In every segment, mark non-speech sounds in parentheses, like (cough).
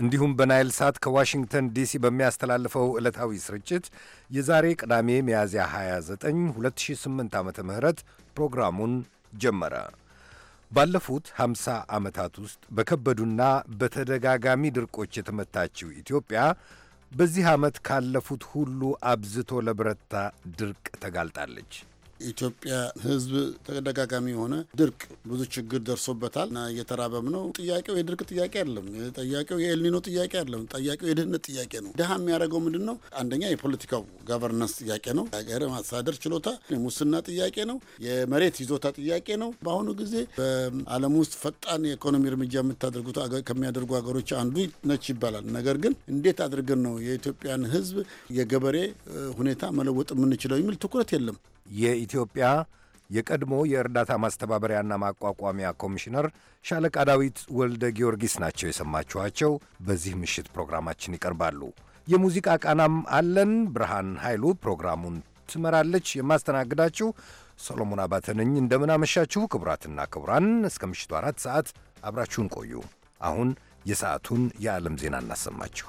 እንዲሁም በናይል ሳት ከዋሽንግተን ዲሲ በሚያስተላልፈው ዕለታዊ ስርጭት የዛሬ ቅዳሜ ሚያዝያ 29 2008 ዓ ም ፕሮግራሙን ጀመረ። ባለፉት 50 ዓመታት ውስጥ በከበዱና በተደጋጋሚ ድርቆች የተመታችው ኢትዮጵያ በዚህ ዓመት ካለፉት ሁሉ አብዝቶ ለብረታ ድርቅ ተጋልጣለች። የኢትዮጵያ ሕዝብ ተደጋጋሚ የሆነ ድርቅ ብዙ ችግር ደርሶበታል እና እየተራበም ነው። ጥያቄው የድርቅ ጥያቄ አይደለም። ጥያቄው የኤልኒኖ ጥያቄ አይደለም። ጥያቄው የድህነት ጥያቄ ነው። ድሃ የሚያደርገው ምንድን ነው? አንደኛ የፖለቲካው ጋቨርናንስ ጥያቄ ነው። ሀገር ማስተዳደር ችሎታ፣ የሙስና ጥያቄ ነው። የመሬት ይዞታ ጥያቄ ነው። በአሁኑ ጊዜ በዓለም ውስጥ ፈጣን የኢኮኖሚ እርምጃ የምታደርጉት ከሚያደርጉ ሀገሮች አንዱ ነች ይባላል። ነገር ግን እንዴት አድርገን ነው የኢትዮጵያን ሕዝብ የገበሬ ሁኔታ መለወጥ የምንችለው የሚል ትኩረት የለም። የኢትዮጵያ የቀድሞ የእርዳታ ማስተባበሪያና ማቋቋሚያ ኮሚሽነር ሻለቃ ዳዊት ወልደ ጊዮርጊስ ናቸው የሰማችኋቸው። በዚህ ምሽት ፕሮግራማችን ይቀርባሉ። የሙዚቃ ቃናም አለን። ብርሃን ኃይሉ ፕሮግራሙን ትመራለች። የማስተናግዳችሁ ሰሎሞን አባተ ነኝ። እንደምናመሻችሁ ክቡራትና ክቡራን፣ እስከ ምሽቱ አራት ሰዓት አብራችሁን ቆዩ። አሁን የሰዓቱን የዓለም ዜና እናሰማችሁ።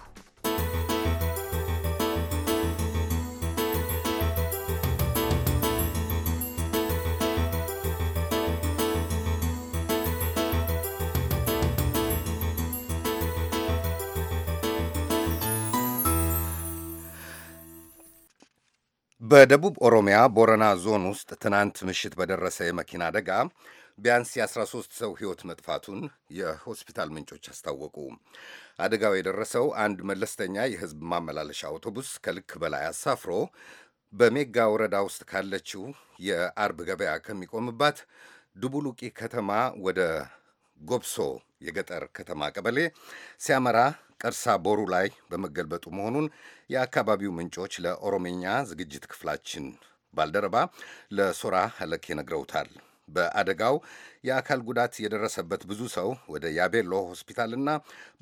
በደቡብ ኦሮሚያ ቦረና ዞን ውስጥ ትናንት ምሽት በደረሰ የመኪና አደጋ ቢያንስ የ13 ሰው ሕይወት መጥፋቱን የሆስፒታል ምንጮች አስታወቁ። አደጋው የደረሰው አንድ መለስተኛ የሕዝብ ማመላለሻ አውቶቡስ ከልክ በላይ አሳፍሮ በሜጋ ወረዳ ውስጥ ካለችው የአርብ ገበያ ከሚቆምባት ዱቡሉቂ ከተማ ወደ ጎብሶ የገጠር ከተማ ቀበሌ ሲያመራ ቀርሳ ቦሩ ላይ በመገልበጡ መሆኑን የአካባቢው ምንጮች ለኦሮሜኛ ዝግጅት ክፍላችን ባልደረባ ለሶራ ሀለክ ይነግረውታል። በአደጋው የአካል ጉዳት የደረሰበት ብዙ ሰው ወደ ያቤሎ ሆስፒታልና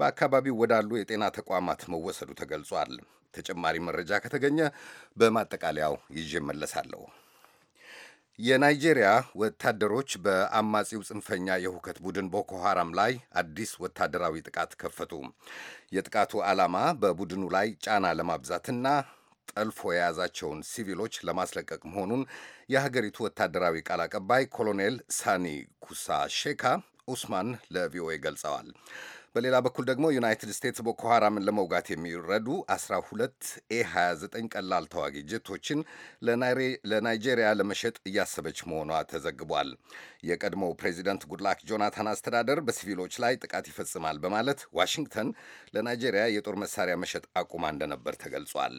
በአካባቢው ወዳሉ የጤና ተቋማት መወሰዱ ተገልጿል። ተጨማሪ መረጃ ከተገኘ በማጠቃለያው ይዤ መለሳለሁ። የናይጄሪያ ወታደሮች በአማጺው ጽንፈኛ የሁከት ቡድን ቦኮ ሐራም ላይ አዲስ ወታደራዊ ጥቃት ከፈቱ። የጥቃቱ ዓላማ በቡድኑ ላይ ጫና ለማብዛትና ጠልፎ የያዛቸውን ሲቪሎች ለማስለቀቅ መሆኑን የሀገሪቱ ወታደራዊ ቃል አቀባይ ኮሎኔል ሳኒ ኩሳ ሼካ ኡስማን ለቪኦኤ ገልጸዋል። በሌላ በኩል ደግሞ ዩናይትድ ስቴትስ ቦኮ ሐራምን ለመውጋት የሚረዱ 12 ኤ29 ቀላል ተዋጊ ጀቶችን ለናይጄሪያ ለመሸጥ እያሰበች መሆኗ ተዘግቧል። የቀድሞው ፕሬዚደንት ጉድላክ ጆናታን አስተዳደር በሲቪሎች ላይ ጥቃት ይፈጽማል በማለት ዋሽንግተን ለናይጄሪያ የጦር መሳሪያ መሸጥ አቁማ እንደነበር ተገልጿል።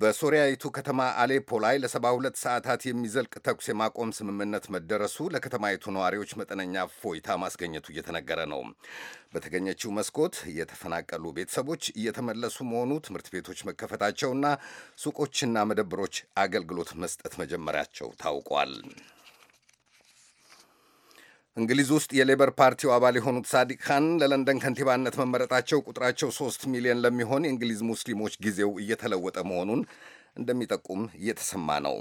በሶሪያዊቱ ከተማ አሌፖ ላይ ለሰባ ሁለት ሰዓታት የሚዘልቅ ተኩስ የማቆም ስምምነት መደረሱ ለከተማይቱ ነዋሪዎች መጠነኛ ፎይታ ማስገኘቱ እየተነገረ ነው። በተገኘችው መስኮት የተፈናቀሉ ቤተሰቦች እየተመለሱ መሆኑ፣ ትምህርት ቤቶች መከፈታቸውና ሱቆችና መደብሮች አገልግሎት መስጠት መጀመራቸው ታውቋል። እንግሊዝ ውስጥ የሌበር ፓርቲው አባል የሆኑት ሳዲቅ ካን ለለንደን ከንቲባነት መመረጣቸው ቁጥራቸው ሶስት ሚሊዮን ለሚሆን የእንግሊዝ ሙስሊሞች ጊዜው እየተለወጠ መሆኑን እንደሚጠቁም እየተሰማ ነው።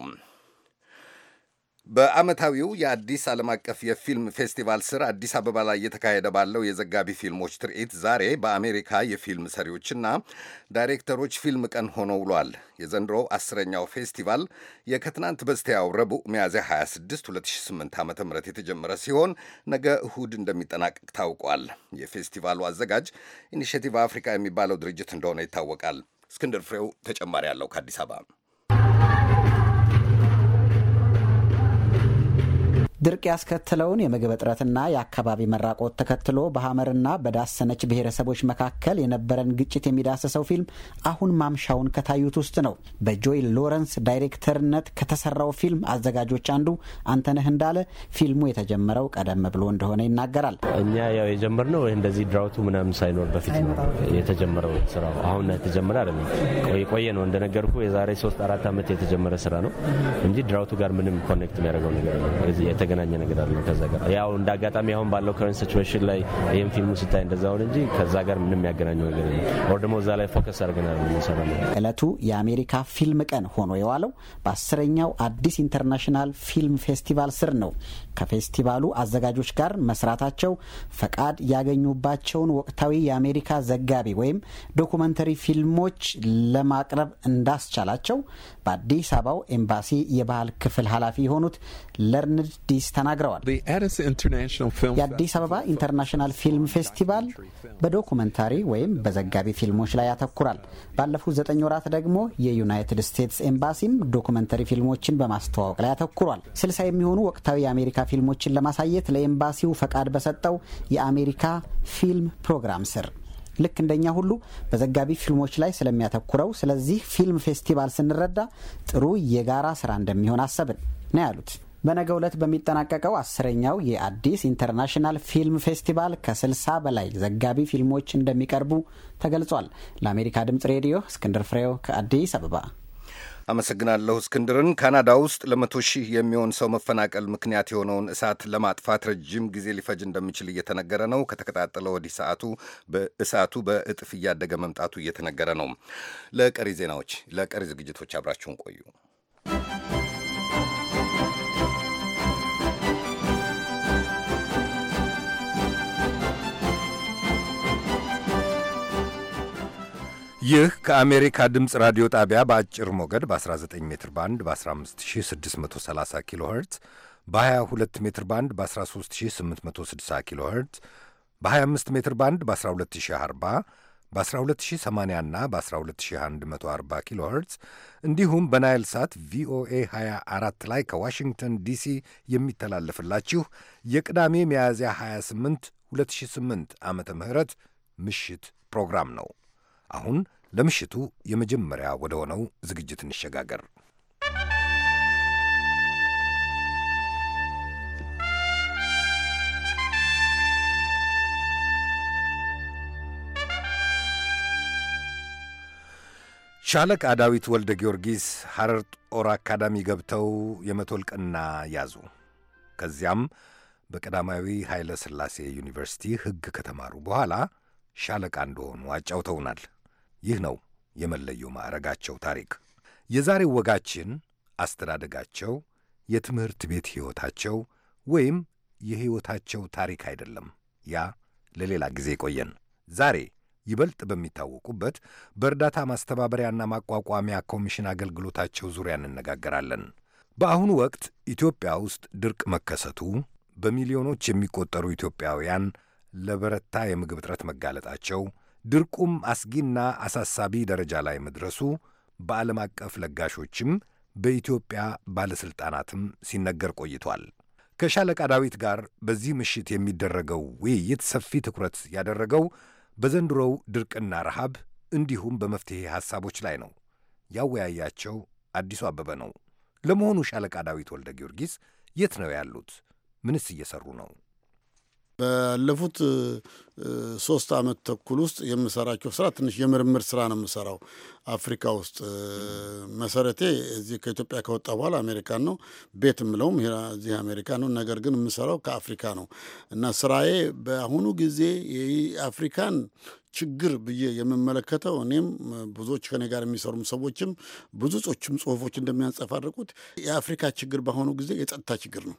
በዓመታዊው የአዲስ ዓለም አቀፍ የፊልም ፌስቲቫል ስር አዲስ አበባ ላይ እየተካሄደ ባለው የዘጋቢ ፊልሞች ትርኢት ዛሬ በአሜሪካ የፊልም ሰሪዎችና ዳይሬክተሮች ፊልም ቀን ሆኖ ውሏል። የዘንድሮው አስረኛው ፌስቲቫል የከትናንት በስቲያው ረቡዕ ሚያዝያ 26 2008 ዓ ም የተጀመረ ሲሆን ነገ እሁድ እንደሚጠናቀቅ ታውቋል። የፌስቲቫሉ አዘጋጅ ኢኒሽቲቭ አፍሪካ የሚባለው ድርጅት እንደሆነ ይታወቃል። እስክንድር ፍሬው ተጨማሪ አለው ከአዲስ አበባ ድርቅ ያስከትለውን የምግብ እጥረትና የአካባቢ መራቆት ተከትሎ በሐመርና በዳሰነች ብሔረሰቦች መካከል የነበረን ግጭት የሚዳስሰው ፊልም አሁን ማምሻውን ከታዩት ውስጥ ነው። በጆይል ሎረንስ ዳይሬክተርነት ከተሰራው ፊልም አዘጋጆች አንዱ አንተነህ እንዳለ ፊልሙ የተጀመረው ቀደም ብሎ እንደሆነ ይናገራል። እኛ ያው የጀመርነው እንደዚህ ድራውቱ ምናምን ሳይኖር በፊት ነው የተጀመረው ስራው። አሁን የተጀመረ አይደለም፣ የቆየ ነው። እንደነገርኩ የዛሬ ሶስት አራት ዓመት የተጀመረ ስራ ነው እንጂ ድራውቱ ጋር ምንም ኮኔክት የሚያደርገው ነገር ነው የተገናኘ ነገር አለ ከዛ ጋር ያው እንደ አጋጣሚ አሁን ባለው ከረንት ሲትዌሽን ላይ ይህም ፊልሙ ስታይ እንደዛ አሁን እንጂ ከዛ ጋር ምንም ያገናኘው ነገር የለም። ኦር ደግሞ እዛ ላይ ፎከስ አድርገናል ሰራ ነው። እለቱ የአሜሪካ ፊልም ቀን ሆኖ የዋለው በአስረኛው አዲስ ኢንተርናሽናል ፊልም ፌስቲቫል ስር ነው። ከፌስቲቫሉ አዘጋጆች ጋር መስራታቸው ፈቃድ ያገኙባቸውን ወቅታዊ የአሜሪካ ዘጋቢ ወይም ዶኩመንተሪ ፊልሞች ለማቅረብ እንዳስቻላቸው በአዲስ አበባው ኤምባሲ የባህል ክፍል ኃላፊ የሆኑት ለርንድ ዲስ ተናግረዋል። የአዲስ አበባ ኢንተርናሽናል ፊልም ፌስቲቫል በዶኩመንታሪ ወይም በዘጋቢ ፊልሞች ላይ ያተኩራል። ባለፉት ዘጠኝ ወራት ደግሞ የዩናይትድ ስቴትስ ኤምባሲም ዶኩመንታሪ ፊልሞችን በማስተዋወቅ ላይ ያተኩሯል። ስልሳ የሚሆኑ ወቅታዊ የአሜሪካ ፊልሞችን ለማሳየት ለኤምባሲው ፈቃድ በሰጠው የአሜሪካ ፊልም ፕሮግራም ስር ልክ እንደኛ ሁሉ በዘጋቢ ፊልሞች ላይ ስለሚያተኩረው ስለዚህ ፊልም ፌስቲቫል ስንረዳ ጥሩ የጋራ ስራ እንደሚሆን አሰብን ነው ያሉት። በነገ ዕለት በሚጠናቀቀው አስረኛው የአዲስ ኢንተርናሽናል ፊልም ፌስቲቫል ከ60 በላይ ዘጋቢ ፊልሞች እንደሚቀርቡ ተገልጿል። ለአሜሪካ ድምፅ ሬዲዮ እስክንድር ፍሬው ከአዲስ አበባ አመሰግናለሁ እስክንድርን። ካናዳ ውስጥ ለመቶ ሺህ የሚሆን ሰው መፈናቀል ምክንያት የሆነውን እሳት ለማጥፋት ረጅም ጊዜ ሊፈጅ እንደሚችል እየተነገረ ነው። ከተቀጣጠለ ወዲህ ሰዓቱ እሳቱ በእጥፍ እያደገ መምጣቱ እየተነገረ ነው። ለቀሪ ዜናዎች ለቀሪ ዝግጅቶች አብራችሁን ቆዩ። ይህ ከአሜሪካ ድምፅ ራዲዮ ጣቢያ በአጭር ሞገድ በ19 ሜትር ባንድ በ15630 ኪሎ ኸርትዝ በ22 ሜትር ባንድ በ13860 ኪሎ ኸርትዝ በ25 ሜትር ባንድ በ12040 በ12080 እና በ12140 ኪሎ ኸርትዝ እንዲሁም በናይል ሳት ቪኦኤ 24 ላይ ከዋሽንግተን ዲሲ የሚተላለፍላችሁ የቅዳሜ ሚያዝያ 28 2008 ዓመተ ምህረት ምሽት ፕሮግራም ነው። አሁን ለምሽቱ የመጀመሪያ ወደ ሆነው ዝግጅት እንሸጋገር። ሻለቃ ዳዊት ወልደ ጊዮርጊስ ሐረር ጦር አካዳሚ ገብተው የመቶ ልቅና ያዙ። ከዚያም በቀዳማዊ ኃይለ ሥላሴ ዩኒቨርሲቲ ሕግ ከተማሩ በኋላ ሻለቃ እንደሆኑ አጫውተውናል። ይህ ነው የመለዮ ማዕረጋቸው ታሪክ። የዛሬው ወጋችን አስተዳደጋቸው፣ የትምህርት ቤት ሕይወታቸው ወይም የሕይወታቸው ታሪክ አይደለም። ያ ለሌላ ጊዜ ቆየን። ዛሬ ይበልጥ በሚታወቁበት በእርዳታ ማስተባበሪያና ማቋቋሚያ ኮሚሽን አገልግሎታቸው ዙሪያ እንነጋገራለን። በአሁኑ ወቅት ኢትዮጵያ ውስጥ ድርቅ መከሰቱ፣ በሚሊዮኖች የሚቆጠሩ ኢትዮጵያውያን ለበረታ የምግብ እጥረት መጋለጣቸው ድርቁም አስጊና አሳሳቢ ደረጃ ላይ መድረሱ በዓለም አቀፍ ለጋሾችም በኢትዮጵያ ባለሥልጣናትም ሲነገር ቆይቷል። ከሻለቃ ዳዊት ጋር በዚህ ምሽት የሚደረገው ውይይት ሰፊ ትኩረት ያደረገው በዘንድሮው ድርቅና ረሃብ እንዲሁም በመፍትሔ ሐሳቦች ላይ ነው። ያወያያቸው አዲሱ አበበ ነው። ለመሆኑ ሻለቃ ዳዊት ወልደ ጊዮርጊስ የት ነው ያሉት? ምንስ እየሰሩ ነው? ባለፉት ሶስት አመት ተኩል ውስጥ የምሰራቸው ስራ ትንሽ የምርምር ስራ ነው የምሰራው አፍሪካ ውስጥ። መሰረቴ እዚህ ከኢትዮጵያ ከወጣ በኋላ አሜሪካን ነው። ቤት የምለውም እዚህ አሜሪካ ነው። ነገር ግን የምሰራው ከአፍሪካ ነው እና ስራዬ በአሁኑ ጊዜ የአፍሪካን ችግር ብዬ የምመለከተው እኔም ብዙዎች ከኔ ጋር የሚሰሩም ሰዎችም ብዙ ጾችም ጽሁፎች እንደሚያንጸባርቁት የአፍሪካ ችግር በአሁኑ ጊዜ የጸጥታ ችግር ነው።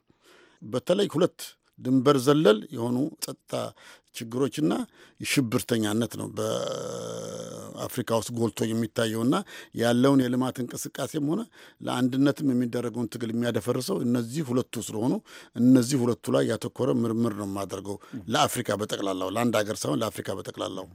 በተለይ ሁለት ድንበር ዘለል የሆኑ ጸጥታ ችግሮችና ሽብርተኛነት ነው በአፍሪካ ውስጥ ጎልቶ የሚታየውና ያለውን የልማት እንቅስቃሴም ሆነ ለአንድነትም የሚደረገውን ትግል የሚያደፈርሰው እነዚህ ሁለቱ ስለሆኑ እነዚህ ሁለቱ ላይ ያተኮረ ምርምር ነው የማደርገው ለአፍሪካ በጠቅላላው ለአንድ ሀገር ሳይሆን ለአፍሪካ በጠቅላላው።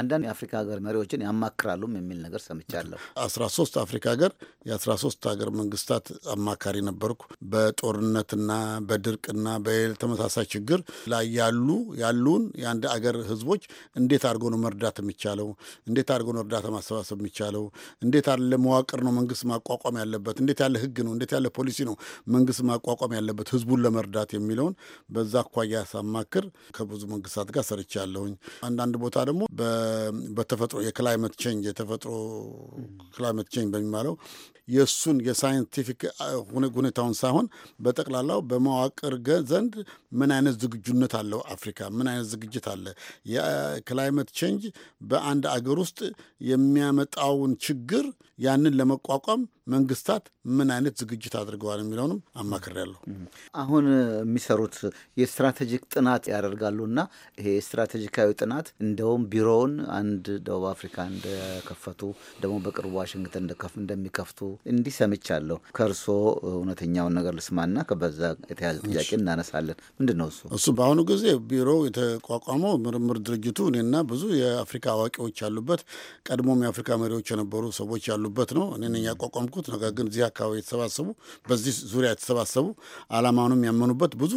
አንዳንድ የአፍሪካ ሀገር መሪዎችን ያማክራሉም የሚል ነገር ሰምቻለሁ። አስራ ሶስት አፍሪካ ሀገር የአስራ ሶስት ሀገር መንግስታት አማካሪ ነበርኩ። በጦርነትና በድርቅና በተመሳሳይ ችግር ላይ ያሉ ያሉን የአንድ አገር ህዝቦች እንዴት አድርጎ ነው መርዳት የሚቻለው? እንዴት አድርጎ ነው እርዳታ ማሰባሰብ የሚቻለው? እንዴት ያለ መዋቅር ነው መንግስት ማቋቋም ያለበት? እንዴት ያለ ህግ ነው? እንዴት ያለ ፖሊሲ ነው መንግስት ማቋቋም ያለበት ህዝቡን ለመርዳት የሚለውን በዛ አኳያ ሳማክር ከብዙ መንግስታት ጋር ሰርቻለሁኝ። አንዳንድ ቦታ ደግሞ በተፈጥሮ የክላይመት ቼንጅ የተፈጥሮ ክላይመት ቼንጅ በሚባለው የእሱን የሳይንቲፊክ ሁኔታውን ሳይሆን በጠቅላላው በመዋቅር ዘንድ ምን አይነት ዝግጁነት አለው አፍሪካ ምን አይነት ዝግጅ ድርጅት አለ። የክላይመት ቼንጅ በአንድ አገር ውስጥ የሚያመጣውን ችግር ያንን ለመቋቋም መንግስታት ምን አይነት ዝግጅት አድርገዋል የሚለውንም አማክሬያለሁ። አሁን የሚሰሩት የስትራቴጂክ ጥናት ያደርጋሉና ይሄ ስትራቴጂካዊ ጥናት እንደውም ቢሮውን አንድ ደቡብ አፍሪካ እንደከፈቱ ደግሞ በቅርቡ ዋሽንግተን እንደሚከፍቱ እንዲህ ሰምቻለሁ። ከእርሶ እውነተኛውን ነገር ልስማና ከበዛ የተያዘ ጥያቄ እናነሳለን። ምንድን ነው እሱ እሱ በአሁኑ ጊዜ ቢሮው የተቋቋ ያቋቋመው ምርምር ድርጅቱ እኔና ብዙ የአፍሪካ አዋቂዎች ያሉበት ቀድሞም የአፍሪካ መሪዎች የነበሩ ሰዎች ያሉበት ነው። እኔ ነኝ ያቋቋምኩት። ነገር ግን እዚህ አካባቢ የተሰባሰቡ በዚህ ዙሪያ የተሰባሰቡ አላማውንም ያመኑበት ብዙ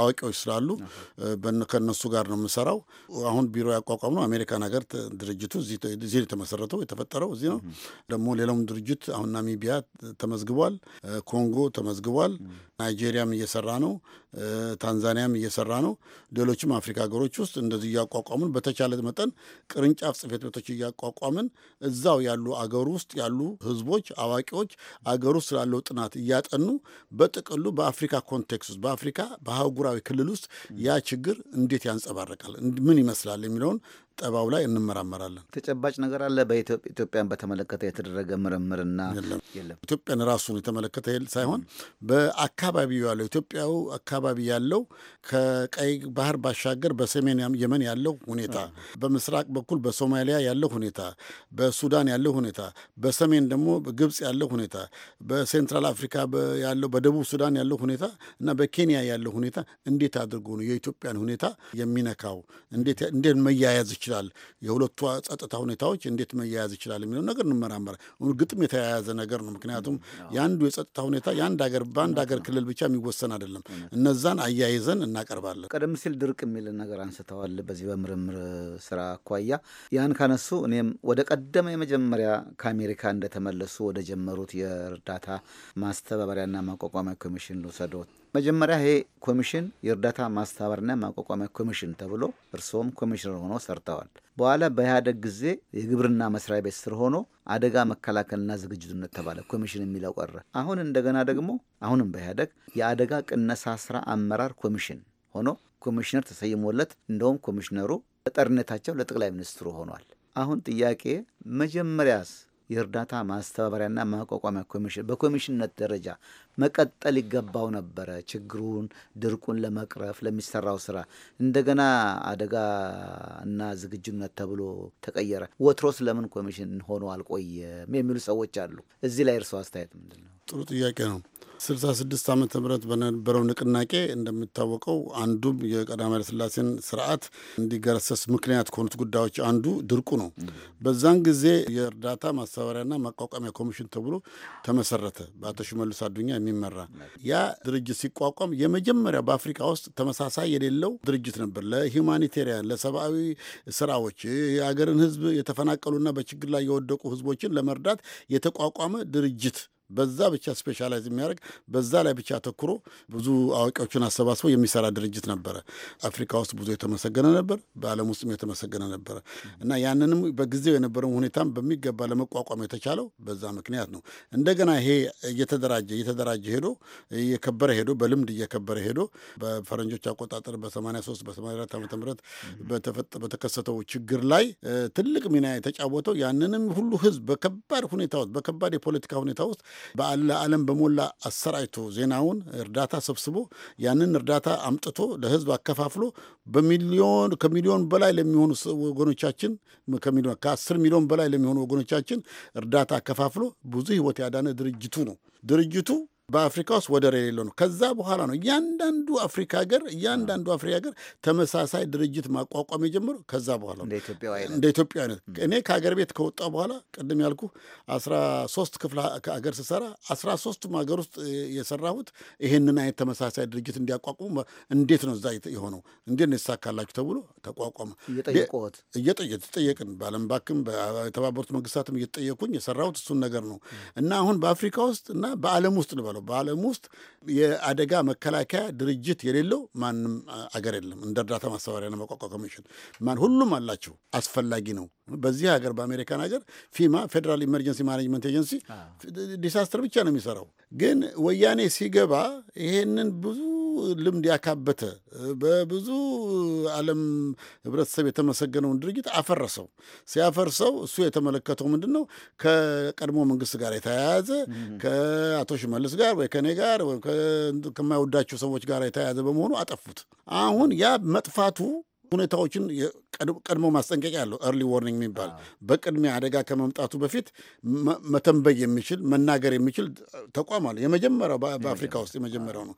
አዋቂዎች ስላሉ ከእነሱ ጋር ነው የምሰራው። አሁን ቢሮ ያቋቋም ነው አሜሪካን ሀገር ድርጅቱ እዚህ የተመሰረተው የተፈጠረው እዚህ ነው። ደግሞ ሌላውም ድርጅት አሁን ናሚቢያ ተመዝግቧል፣ ኮንጎ ተመዝግቧል። ናይጄሪያም እየሰራ ነው፣ ታንዛኒያም እየሰራ ነው። ሌሎችም አፍሪካ ሀገሮች ውስጥ እንደዚህ እያቋቋምን በተቻለ መጠን ቅርንጫፍ ጽሕፈት ቤቶች እያቋቋምን እዛው ያሉ አገር ውስጥ ያሉ ህዝቦች አዋቂዎች አገር ውስጥ ስላለው ጥናት እያጠኑ በጥቅሉ በአፍሪካ ኮንቴክስት ውስጥ በአፍሪካ በአህጉራዊ ክልል ውስጥ ያ ችግር እንዴት ያንጸባረቃል፣ ምን ይመስላል የሚለውን ጠባው ላይ እንመራመራለን። ተጨባጭ ነገር አለ። በኢትዮጵያን በተመለከተ የተደረገ ምርምርና የለም። ኢትዮጵያን ራሱን የተመለከተ ሳይሆን በአካባቢው ያለው ኢትዮጵያው አካባቢ ያለው ከቀይ ባህር ባሻገር በሰሜን የመን ያለው ሁኔታ፣ በምስራቅ በኩል በሶማሊያ ያለው ሁኔታ፣ በሱዳን ያለው ሁኔታ፣ በሰሜን ደግሞ በግብጽ ያለው ሁኔታ፣ በሴንትራል አፍሪካ ያለው፣ በደቡብ ሱዳን ያለው ሁኔታ እና በኬንያ ያለው ሁኔታ እንዴት አድርጎ ነው የኢትዮጵያን ሁኔታ የሚነካው? እንዴት መያያዝ ይችላል፣ የሁለቱ ጸጥታ ሁኔታዎች እንዴት መያያዝ ይችላል የሚለው ነገር እንመራመራ። ግጥም የተያያዘ ነገር ነው። ምክንያቱም የአንዱ የጸጥታ ሁኔታ የአንድ ሀገር በአንድ ሀገር ክልል ብቻ የሚወሰን አይደለም። እነዛን አያይዘን እናቀርባለን። ቀደም ሲል ድርቅ የሚል ነገር አንስተዋል። በዚህ በምርምር ስራ አኳያ ያን ካነሱ እኔም ወደ ቀደመ የመጀመሪያ ከአሜሪካ እንደተመለሱ ወደ ጀመሩት የእርዳታ ማስተባበሪያና ማቋቋሚያ ኮሚሽን ልውሰዶት መጀመሪያ ይሄ ኮሚሽን የእርዳታ ማስተባበርና ማቋቋሚያ ኮሚሽን ተብሎ እርስዎም ኮሚሽነር ሆኖ ሰርተዋል። በኋላ በኢህአደግ ጊዜ የግብርና መስሪያ ቤት ስር ሆኖ አደጋ መከላከልና ዝግጅቱነት ተባለ። ኮሚሽን የሚለው ቀረ። አሁን እንደገና ደግሞ አሁንም በኢህአደግ የአደጋ ቅነሳ ስራ አመራር ኮሚሽን ሆኖ ኮሚሽነር ተሰይሞለት እንደውም ኮሚሽነሩ ተጠሪነታቸው ለጠቅላይ ሚኒስትሩ ሆኗል። አሁን ጥያቄ መጀመሪያስ የእርዳታ ማስተባበሪያና ማቋቋሚያ ኮሚሽን በኮሚሽንነት ደረጃ መቀጠል ይገባው ነበረ። ችግሩን፣ ድርቁን ለመቅረፍ ለሚሰራው ስራ እንደገና አደጋ እና ዝግጁነት ተብሎ ተቀየረ። ወትሮስ ለምን ኮሚሽን ሆኖ አልቆየም የሚሉ ሰዎች አሉ። እዚህ ላይ እርስዎ አስተያየት ምንድን ነው? ጥሩ ጥያቄ ነው። ስልሳ ስድስት ዓመተ ምህረት በነበረው ንቅናቄ እንደሚታወቀው አንዱም የቀዳማዊ ስላሴን ስርዓት እንዲገረሰስ ምክንያት ከሆኑት ጉዳዮች አንዱ ድርቁ ነው። በዛን ጊዜ የእርዳታ ማስተባበሪያና ማቋቋሚያ ኮሚሽን ተብሎ ተመሰረተ፣ በአቶ ሽመልስ አዱኛ የሚመራ ያ ድርጅት ሲቋቋም የመጀመሪያ በአፍሪካ ውስጥ ተመሳሳይ የሌለው ድርጅት ነበር። ለሂውማኒቴሪያን ለሰብአዊ ስራዎች የሀገርን ህዝብ የተፈናቀሉና በችግር ላይ የወደቁ ህዝቦችን ለመርዳት የተቋቋመ ድርጅት በዛ ብቻ ስፔሻላይዝ የሚያደርግ በዛ ላይ ብቻ አተኩሮ ብዙ አዋቂዎችን አሰባስበው የሚሰራ ድርጅት ነበረ። አፍሪካ ውስጥ ብዙ የተመሰገነ ነበር፣ በዓለም ውስጥም የተመሰገነ ነበረ እና ያንንም በጊዜው የነበረውን ሁኔታም በሚገባ ለመቋቋም የተቻለው በዛ ምክንያት ነው። እንደገና ይሄ እየተደራጀ እየተደራጀ ሄዶ እየከበረ ሄዶ በልምድ እየከበረ ሄዶ በፈረንጆች አቆጣጠር በ83 በ84 ዓ ም በተከሰተው ችግር ላይ ትልቅ ሚና የተጫወተው ያንንም ሁሉ ህዝብ በከባድ ሁኔታ ውስጥ በከባድ የፖለቲካ ሁኔታ ውስጥ ለዓለም በሞላ አሰራጭቶ ዜናውን እርዳታ ሰብስቦ ያንን እርዳታ አምጥቶ ለህዝብ አከፋፍሎ በሚሊዮን ከሚሊዮን በላይ ለሚሆኑ ወገኖቻችን ከሚሊዮን ከአስር ሚሊዮን በላይ ለሚሆኑ ወገኖቻችን እርዳታ አከፋፍሎ ብዙ ህይወት ያዳነ ድርጅቱ ነው። ድርጅቱ በአፍሪካ ውስጥ ወደር የሌለው ነው። ከዛ በኋላ ነው እያንዳንዱ አፍሪካ ሀገር እያንዳንዱ አፍሪ ሀገር ተመሳሳይ ድርጅት ማቋቋም የጀመሩ ከዛ በኋላ እንደ ኢትዮጵያ አይነት እኔ ከሀገር ቤት ከወጣ በኋላ ቅድም ያልኩ አስራ ሶስት ክፍለ ሀገር ስሰራ አስራ ሶስቱም ሀገር ውስጥ የሰራሁት ይሄንን አይነት ተመሳሳይ ድርጅት እንዲያቋቁሙ እንዴት ነው እዛ የሆነው እንዴት ነው የተሳካላችሁ ተብሎ ተቋቋመ። እየጠየቅን በዓለም ባንክም በተባበሩት መንግስታትም እየተጠየኩኝ የሰራሁት እሱን ነገር ነው እና አሁን በአፍሪካ ውስጥ እና በዓለም ውስጥ ልበል የሚባለው በዓለም ውስጥ የአደጋ መከላከያ ድርጅት የሌለው ማንም አገር የለም። እንደ እርዳታ ማስተባበሪያና መቋቋ ኮሚሽን ማን ሁሉም አላቸው። አስፈላጊ ነው። በዚህ ሀገር በአሜሪካን ሀገር ፊማ ፌዴራል ኢመርጀንሲ ማኔጅመንት ኤጀንሲ ዲሳስተር ብቻ ነው የሚሰራው። ግን ወያኔ ሲገባ ይሄንን ብዙ ልምድ ያካበተ በብዙ ዓለም ህብረተሰብ የተመሰገነውን ድርጊት አፈረሰው። ሲያፈርሰው እሱ የተመለከተው ምንድን ነው? ከቀድሞ መንግስት ጋር የተያያዘ ከአቶ ሽመልስ ጋር ወይ ከኔ ጋር ከማይወዳቸው ሰዎች ጋር የተያያዘ በመሆኑ አጠፉት። አሁን ያ መጥፋቱ ሁኔታዎችን ቀድሞ ማስጠንቀቂያ አለው። እርሊ ዋርኒንግ የሚባል በቅድሚያ አደጋ ከመምጣቱ በፊት መተንበይ የሚችል መናገር የሚችል ተቋም አለ። የመጀመሪያው በአፍሪካ ውስጥ የመጀመሪያው ነው።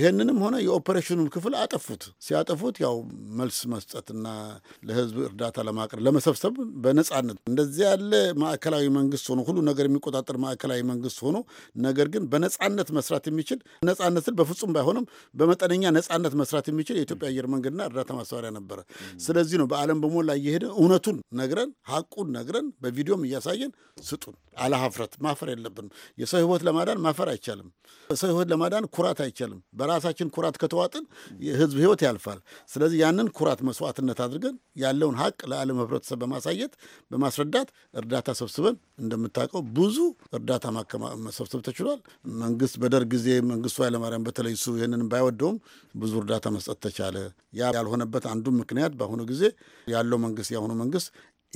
ይህንንም ሆነ የኦፐሬሽኑን ክፍል አጠፉት። ሲያጠፉት ያው መልስ መስጠትና ለህዝብ እርዳታ ለማቅረብ ለመሰብሰብ በነጻነት እንደዚህ ያለ ማዕከላዊ መንግስት ሆኖ ሁሉ ነገር የሚቆጣጠር ማዕከላዊ መንግስት ሆኖ ነገር ግን በነጻነት መስራት የሚችል ነጻነትን በፍጹም ባይሆንም በመጠነኛ ነጻነት መስራት የሚችል የኢትዮጵያ አየር መንገድና እርዳታ ማስተባበሪያ ነበረ። ስለዚህ ነው በዓለም በሞላ እየሄደ እውነቱን ነግረን ሀቁን ነግረን በቪዲዮም እያሳየን ስጡን አለ ሀፍረት ማፈር የለብንም። የሰው ህይወት ለማዳን ማፈር አይቻልም። ሰው ህይወት ለማዳን ኩራት አይቻልም። በራሳችን ኩራት ከተዋጥን የህዝብ ህይወት ያልፋል። ስለዚህ ያንን ኩራት መስዋዕትነት አድርገን ያለውን ሀቅ ለዓለም ህብረተሰብ በማሳየት በማስረዳት እርዳታ ሰብስበን እንደምታውቀው ብዙ እርዳታ መሰብሰብ ተችሏል። መንግስት በደርግ ጊዜ መንግስቱ ኃይለማርያም በተለይ እሱ ይህንን ባይወደውም ብዙ እርዳታ መስጠት ተቻለ። ያ ያልሆነበት አንዱ ምክንያት በአሁኑ ጊዜ ያለው መንግስት የአሁኑ መንግስት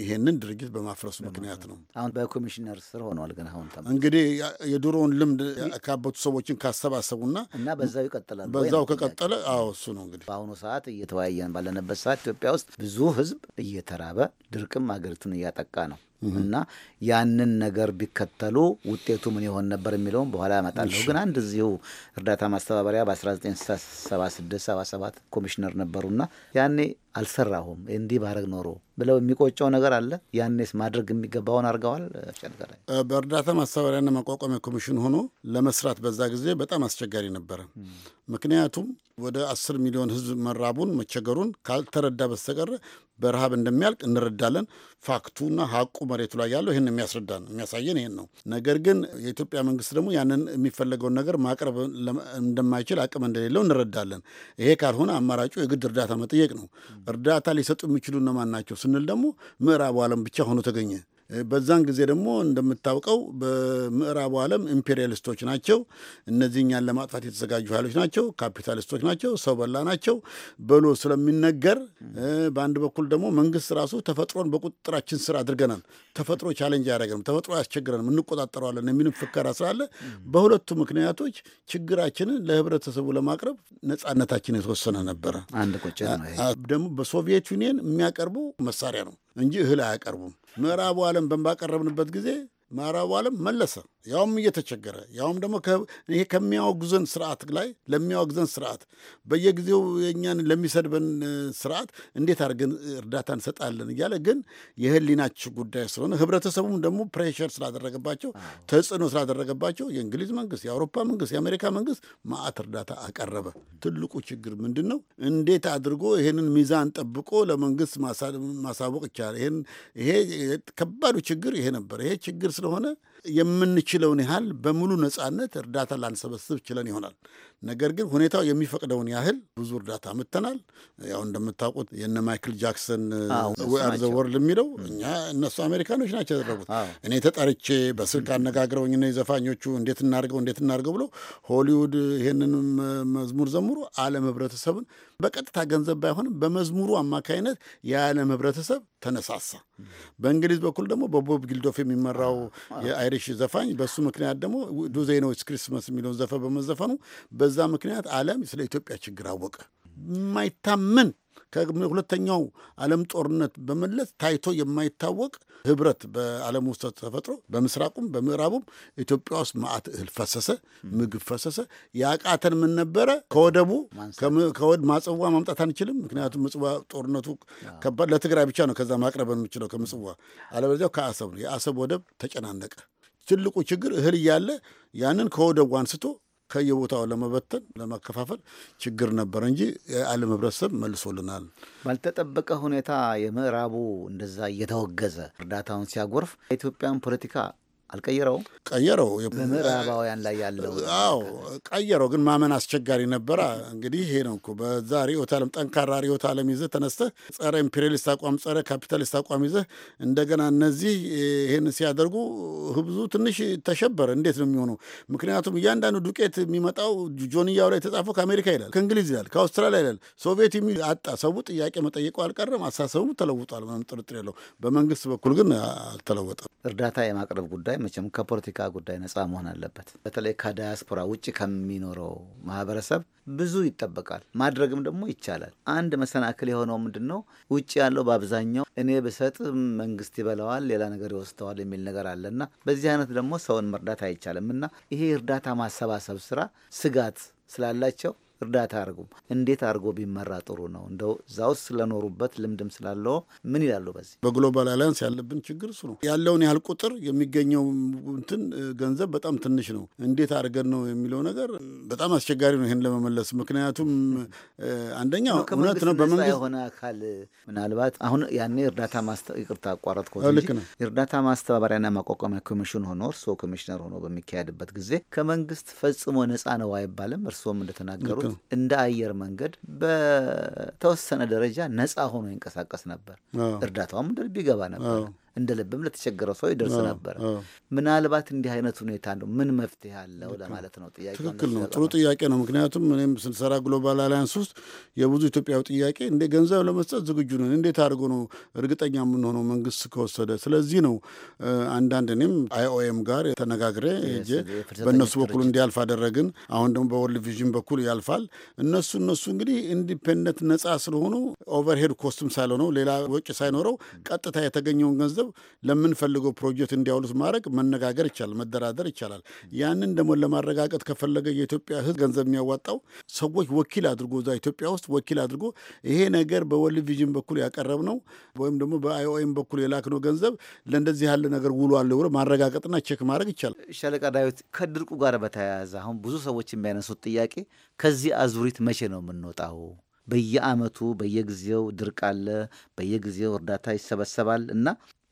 ይሄንን ድርጅት በማፍረሱ ምክንያት ነው። አሁን በኮሚሽነር ስር ሆነዋል። ግን አሁን እንግዲህ የድሮውን ልምድ ካበቱ ሰዎችን ካሰባሰቡና እና በዛው ይቀጥላል። በዛው ከቀጠለ አዎ እሱ ነው እንግዲህ በአሁኑ ሰዓት እየተወያየን ባለንበት ሰዓት ኢትዮጵያ ውስጥ ብዙ ህዝብ እየተራበ ድርቅም ሀገሪቱን እያጠቃ ነው እና ያንን ነገር ቢከተሉ ውጤቱ ምን ይሆን ነበር የሚለውን በኋላ ያመጣለሁ። ግን አንድ እዚሁ እርዳታ ማስተባበሪያ በ1976 77 ኮሚሽነር ነበሩና ያኔ አልሰራሁም እንዲህ ባረግ ኖሮ ብለው የሚቆጨው ነገር አለ። ያኔስ ማድረግ የሚገባውን አድርገዋል። ጨንቀላይ በእርዳታ ማስተባበሪያና ማቋቋሚያ ኮሚሽን ሆኖ ለመስራት በዛ ጊዜ በጣም አስቸጋሪ ነበረ። ምክንያቱም ወደ አስር ሚሊዮን ህዝብ መራቡን መቸገሩን ካልተረዳ በስተቀር በረሃብ እንደሚያልቅ እንረዳለን። ፋክቱና ሀቁ መሬቱ ላይ ያለው ይህን የሚያስረዳን የሚያሳየን ይህን ነው። ነገር ግን የኢትዮጵያ መንግስት ደግሞ ያንን የሚፈለገውን ነገር ማቅረብ እንደማይችል አቅም እንደሌለው እንረዳለን። ይሄ ካልሆነ አማራጩ የግድ እርዳታ መጠየቅ ነው። እርዳታ ሊሰጡ የሚችሉ እነማን ናቸው ስንል ደግሞ ምዕራቡ ዓለም ብቻ ሆኖ ተገኘ። በዛን ጊዜ ደግሞ እንደምታውቀው በምዕራቡ ዓለም ኢምፔሪያሊስቶች ናቸው። እነዚህኛን ለማጥፋት የተዘጋጁ ኃይሎች ናቸው። ካፒታሊስቶች ናቸው። ሰው በላ ናቸው ብሎ ስለሚነገር በአንድ በኩል ደግሞ መንግስት ራሱ ተፈጥሮን በቁጥጥራችን ስር አድርገናል፣ ተፈጥሮ ቻለንጅ አያደርገንም፣ ተፈጥሮ አያስቸግረንም፣ እንቆጣጠረዋለን የሚልም ፍከራ ስላለ በሁለቱ ምክንያቶች ችግራችንን ለህብረተሰቡ ለማቅረብ ነጻነታችን የተወሰነ ነበረ። አንድ ቁጭት ደግሞ በሶቪየት ዩኒየን የሚያቀርቡ መሳሪያ ነው እንጂ እህል አያቀርቡም። ምዕራቡ ዓለም በምባቀረብንበት ጊዜ ምዕራቡ ዓለም መለሰ። ያውም እየተቸገረ ያውም ደግሞ ይሄ ከሚያወግዘን ስርዓት ላይ ለሚያወግዘን ስርዓት በየጊዜው የእኛን ለሚሰድበን ስርዓት እንዴት አድርገን እርዳታ እንሰጣለን እያለ ግን የህሊናችሁ ጉዳይ ስለሆነ ህብረተሰቡም ደግሞ ፕሬሸር ስላደረገባቸው ተጽዕኖ ስላደረገባቸው የእንግሊዝ መንግስት፣ የአውሮፓ መንግስት፣ የአሜሪካ መንግስት ማአት እርዳታ አቀረበ። ትልቁ ችግር ምንድን ነው? እንዴት አድርጎ ይህንን ሚዛን ጠብቆ ለመንግስት ማሳወቅ ይቻላል? ይሄ ከባዱ ችግር ይሄ ነበር። ይሄ ችግር ስለሆነ የምንችለውን ያህል በሙሉ ነጻነት እርዳታ ላንሰበስብ ችለን ይሆናል። ነገር ግን ሁኔታው የሚፈቅደውን ያህል ብዙ እርዳታ ምተናል። ያው እንደምታውቁት የነ ማይክል ጃክሰን ዌር ዘ ወርልድ የሚለው እኛ እነሱ አሜሪካኖች ናቸው ያደረጉት። እኔ ተጠርቼ በስልክ አነጋግረውኝ እነ ዘፋኞቹ እንዴት እናርገው እንዴት እናርገው ብሎ ሆሊውድ ይሄንን መዝሙር ዘምሩ ዓለም ህብረተሰቡን በቀጥታ ገንዘብ ባይሆንም በመዝሙሩ አማካይነት የዓለም ህብረተሰብ ተነሳሳ። በእንግሊዝ በኩል ደግሞ በቦብ ጊልዶፍ የሚመራው የአይሪሽ ዘፋኝ በሱ ምክንያት ደግሞ ዱዜኖች ክሪስማስ የሚለውን ዘፈን በመዘፈኑ በዛ ምክንያት ዓለም ስለ ኢትዮጵያ ችግር አወቀ። የማይታመን ከሁለተኛው ዓለም ጦርነት በመለስ ታይቶ የማይታወቅ ህብረት በዓለም ውስጥ ተፈጥሮ በምስራቁም በምዕራቡም ኢትዮጵያ ውስጥ መዓት እህል ፈሰሰ፣ ምግብ ፈሰሰ። ያቃተን ምን ነበረ? ከወደቡ ከወድ ማጽዋ ማምጣት አንችልም። ምክንያቱም ምጽዋ ጦርነቱ ከባድ ለትግራይ ብቻ ነው ከዛ ማቅረብ የምችለው ከምጽዋ፣ አለበለዚያው ከአሰብ ነው። የአሰብ ወደብ ተጨናነቀ። ትልቁ ችግር እህል እያለ ያንን ከወደቡ አንስቶ ከየቦታው ለመበተን ለመከፋፈል ችግር ነበር እንጂ የዓለም ህብረተሰብ መልሶልናል። ባልተጠበቀ ሁኔታ የምዕራቡ እንደዛ እየተወገዘ እርዳታውን ሲያጎርፍ የኢትዮጵያን ፖለቲካ አልቀየረው ቀየረው በምዕራባውያን ላይ ያለው አዎ ቀየረው። ግን ማመን አስቸጋሪ ነበረ። እንግዲህ ይሄ ነው እኮ በዛ ርዕዮተ ዓለም ጠንካራ ርዕዮተ ዓለም ይዘህ ተነስተህ ጸረ ኢምፔሪያሊስት አቋም፣ ጸረ ካፒታሊስት አቋም ይዘህ እንደገና እነዚህ ይህን ሲያደርጉ ህብዙ ትንሽ ተሸበረ። እንዴት ነው የሚሆነው? ምክንያቱም እያንዳንዱ ዱቄት የሚመጣው ጆንያው ላይ የተጻፈው ከአሜሪካ ይላል፣ ከእንግሊዝ ይላል፣ ከአውስትራሊያ ይላል። ሶቪየት የሚል አጣ። ሰው ጥያቄ መጠየቁ አልቀረም። አሳሰቡ ተለውጧል፣ ምንም ጥርጥር የለው። በመንግስት በኩል ግን አልተለወጠም። እርዳታ የማቅረብ ጉዳይ መቼም ከፖለቲካ ጉዳይ ነፃ መሆን አለበት። በተለይ ከዳያስፖራ ውጭ ከሚኖረው ማህበረሰብ ብዙ ይጠበቃል፣ ማድረግም ደግሞ ይቻላል። አንድ መሰናክል የሆነው ምንድን ነው? ውጭ ያለው በአብዛኛው እኔ ብሰጥ መንግስት ይበላዋል፣ ሌላ ነገር ይወስደዋል የሚል ነገር አለና በዚህ አይነት ደግሞ ሰውን መርዳት አይቻልም እና ይሄ እርዳታ ማሰባሰብ ስራ ስጋት ስላላቸው እርዳታ አያደርጉም። እንዴት አድርጎ ቢመራ ጥሩ ነው? እንደው እዛ ውስጥ ስለኖሩበት ልምድም ስላለው ምን ይላሉ? በዚህ በግሎባል አሊያንስ ያለብን ችግር እሱ ነው። ያለውን ያህል ቁጥር የሚገኘው እንትን ገንዘብ በጣም ትንሽ ነው። እንዴት አድርገን ነው የሚለው ነገር በጣም አስቸጋሪ ነው ይህን ለመመለስ። ምክንያቱም አንደኛ እውነት ነው በመንግስት የሆነ አካል ምናልባት አሁን ያኔ እርዳታ ይቅርታ አቋረጥኩ ልክ ነው የእርዳታ ማስተባበሪያና ማቋቋሚያ ኮሚሽን ሆኖ እርስዎ ኮሚሽነር ሆኖ በሚካሄድበት ጊዜ ከመንግስት ፈጽሞ ነፃ ነው አይባልም። እርስዎም እንደተናገሩት እንደ አየር መንገድ በተወሰነ ደረጃ ነፃ ሆኖ ይንቀሳቀስ ነበር። እርዳታውም ድርብ ይገባ ነበር። እንደ ልብም ለተቸገረው ሰው ይደርስ ነበር። ምናልባት እንዲህ አይነት ሁኔታ ነው ምን መፍትሄ አለው ለማለት ነው ጥያቄ። ትክክል ነው፣ ጥሩ ጥያቄ ነው። ምክንያቱም እኔም ስንሰራ ግሎባል አሊያንስ ውስጥ የብዙ ኢትዮጵያዊ ጥያቄ እንደ ገንዘብ ለመስጠት ዝግጁ ነን፣ እንዴት አድርጎ ነው እርግጠኛ የምንሆነው መንግስት ከወሰደ? ስለዚህ ነው አንዳንድ እኔም አይኦኤም ጋር ተነጋግሬ በእነሱ በኩል እንዲያልፍ አደረግን። አሁን ደግሞ በወርልድ ቪዥን በኩል ያልፋል። እነሱ እነሱ እንግዲህ ኢንዲፔንደንት ነጻ ስለሆኑ ኦቨርሄድ ኮስትም ሳይሆነው ሌላ ወጪ ሳይኖረው ቀጥታ የተገኘውን ገንዘብ ገንዘብ ለምንፈልገው ፕሮጀክት እንዲያውሉት ማድረግ መነጋገር ይቻላል፣ መደራደር ይቻላል። ያንን ደግሞ ለማረጋገጥ ከፈለገ የኢትዮጵያ ሕዝብ ገንዘብ የሚያዋጣው ሰዎች ወኪል አድርጎ እዛ ኢትዮጵያ ውስጥ ወኪል አድርጎ ይሄ ነገር በወርልድ ቪዥን በኩል ያቀረብ ነው ወይም ደግሞ በአይኦኤም በኩል የላክነው ገንዘብ ለእንደዚህ ያለ ነገር ውሎ አለ ብሎ ማረጋገጥና ቼክ ማድረግ ይቻላል። ሻለቃ ዳዊት፣ ከድርቁ ጋር በተያያዘ አሁን ብዙ ሰዎች የሚያነሱት ጥያቄ ከዚህ አዙሪት መቼ ነው የምንወጣው? በየአመቱ በየጊዜው ድርቅ አለ፣ በየጊዜው እርዳታ ይሰበሰባል እና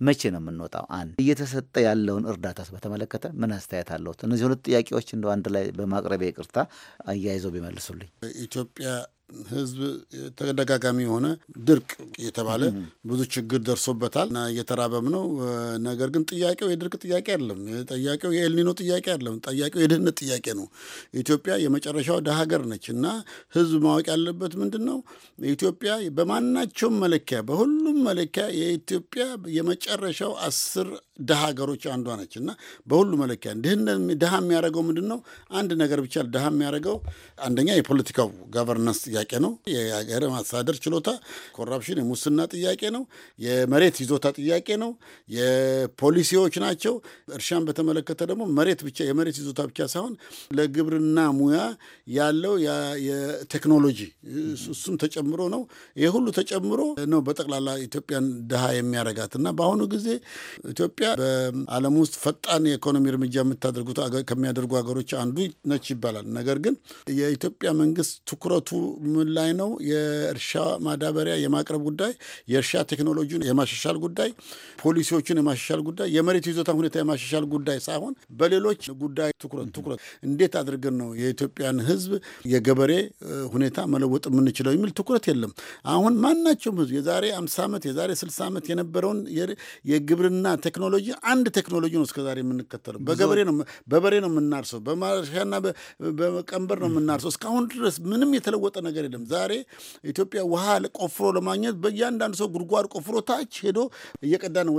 መቼ ነው የምንወጣው? አንድ እየተሰጠ ያለውን እርዳታስ በተመለከተ ምን አስተያየት አለሁት? እነዚህ ሁለት ጥያቄዎች እንደ አንድ ላይ በማቅረቢያ ይቅርታ አያይዘው ቢመልሱልኝ። ኢትዮጵያ ህዝብ ተደጋጋሚ የሆነ ድርቅ የተባለ ብዙ ችግር ደርሶበታል እና እየተራበም ነው። ነገር ግን ጥያቄው የድርቅ ጥያቄ አይደለም። ጥያቄው የኤልኒኖ ጥያቄ አይደለም። ጥያቄው የድህነት ጥያቄ ነው። ኢትዮጵያ የመጨረሻው ድሃ ሀገር ነች እና ህዝብ ማወቅ ያለበት ምንድን ነው? ኢትዮጵያ በማናቸውም መለኪያ፣ በሁሉም መለኪያ የኢትዮጵያ የመጨረሻው አስር ድሃ ሀገሮች አንዷ ነች እና በሁሉ መለኪያ ድሃ የሚያደርገው ምንድን ነው? አንድ ነገር ብቻ ድሃ የሚያደርገው አንደኛ የፖለቲካው ጋቨርናንስ ጥያቄ ነው። የሀገር ማስተዳደር ችሎታ ኮራፕሽን፣ የሙስና ጥያቄ ነው። የመሬት ይዞታ ጥያቄ ነው። የፖሊሲዎች ናቸው። እርሻን በተመለከተ ደግሞ መሬት ብቻ የመሬት ይዞታ ብቻ ሳይሆን ለግብርና ሙያ ያለው የቴክኖሎጂ እሱም ተጨምሮ ነው። ይህ ሁሉ ተጨምሮ ነው በጠቅላላ ኢትዮጵያን ድሃ የሚያረጋት እና በአሁኑ ጊዜ ኢትዮጵያ በዓለም ውስጥ ፈጣን የኢኮኖሚ እርምጃ የምታደርጉት ከሚያደርጉ ሀገሮች አንዱ ነች ይባላል። ነገር ግን የኢትዮጵያ መንግስት ትኩረቱ ምን ላይ ነው? የእርሻ ማዳበሪያ የማቅረብ ጉዳይ፣ የእርሻ ቴክኖሎጂን የማሻሻል ጉዳይ፣ ፖሊሲዎችን የማሻሻል ጉዳይ፣ የመሬት ይዞታ ሁኔታ የማሻሻል ጉዳይ ሳይሆን በሌሎች ጉዳይ ትኩረት ትኩረት እንዴት አድርገን ነው የኢትዮጵያን ህዝብ የገበሬ ሁኔታ መለወጥ የምንችለው የሚል ትኩረት የለም። አሁን ማናቸውም ህዝብ የዛሬ አምሳ ዓመት የዛሬ ስልሳ ዓመት የነበረውን የግብርና ቴክኖሎጂ አንድ ቴክኖሎጂ ነው እስከዛሬ የምንከተለው። በገበሬ ነው በበሬ ነው የምናርሰው፣ በማረሻና በቀንበር ነው የምናርሰው። እስካሁን ድረስ ምንም የተለወጠ ነገር ነገር የለም። ዛሬ ኢትዮጵያ ውሃ ቆፍሮ ለማግኘት በእያንዳንዱ ሰው ጉድጓድ ቆፍሮ ታች ሄዶ እየቀዳ ነው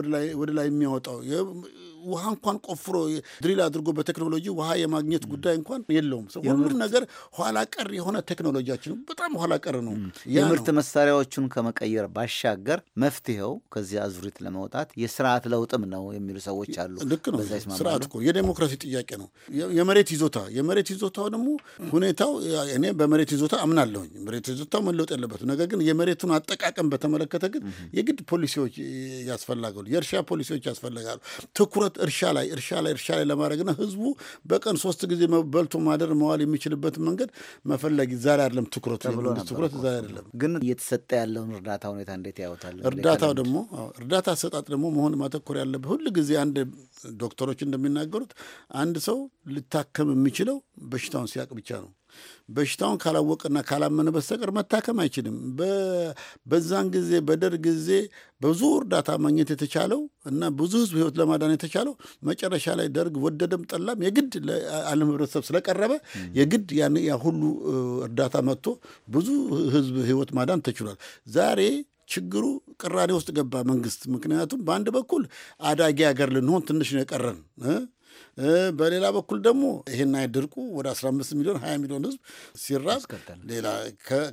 ወደ ላይ የሚያወጣው። ውሃ እንኳን ቆፍሮ ድሪል አድርጎ በቴክኖሎጂ ውሃ የማግኘት ጉዳይ እንኳን የለውም። ሁሉም ነገር ኋላ ቀር የሆነ ቴክኖሎጂያችን በጣም ኋላ ቀር ነው። የምርት መሳሪያዎቹን ከመቀየር ባሻገር መፍትሄው ከዚህ አዙሪት ለመውጣት የስርዓት ለውጥም ነው የሚሉ ሰዎች አሉ። ልክ ነው። ስርዓት እኮ የዴሞክራሲ ጥያቄ ነው። የመሬት ይዞታ የመሬት ይዞታው ደግሞ ሁኔታው እኔ በመሬት ይዞታ አምናለሁኝ። መሬት ይዞታው መለወጥ ያለበት ነገር ግን የመሬቱን አጠቃቀም በተመለከተ ግን የግድ ፖሊሲዎች ያስፈልጋሉ። የእርሻ ፖሊሲዎች ያስፈልጋሉ። ትኩረት ትኩረት እርሻ ላይ እርሻ ላይ እርሻ ላይ ለማድረግ ለማድረግና ህዝቡ በቀን ሶስት ጊዜ በልቶ ማደር መዋል የሚችልበት መንገድ መፈለግ ዛሬ አይደለም። ትኩረት ትኩረት ዛሬ አይደለም። ግን እየተሰጠ ያለውን እርዳታ ሁኔታ እንዴት ያወታል? እርዳታው ደግሞ እርዳታ አሰጣጥ ደግሞ መሆን ማተኮር ያለበት ሁል ጊዜ አንድ ዶክተሮች እንደሚናገሩት አንድ ሰው ልታከም የሚችለው በሽታውን ሲያውቅ ብቻ ነው። በሽታውን ካላወቀና ካላመነ በስተቀር መታከም አይችልም። በዛን ጊዜ በደርግ ጊዜ ብዙ እርዳታ ማግኘት የተቻለው እና ብዙ ሕዝብ ህይወት ለማዳን የተቻለው መጨረሻ ላይ ደርግ ወደደም ጠላም የግድ ለዓለም ህብረተሰብ ስለቀረበ የግድ ያ ሁሉ እርዳታ መጥቶ ብዙ ሕዝብ ህይወት ማዳን ተችሏል። ዛሬ ችግሩ ቅራኔ ውስጥ ገባ መንግስት። ምክንያቱም በአንድ በኩል አዳጊ ሀገር ልንሆን ትንሽ ነው የቀረን በሌላ በኩል ደግሞ ይሄና ድርቁ ወደ 15 ሚሊዮን 20 ሚሊዮን ህዝብ ሲራዝ ሌላ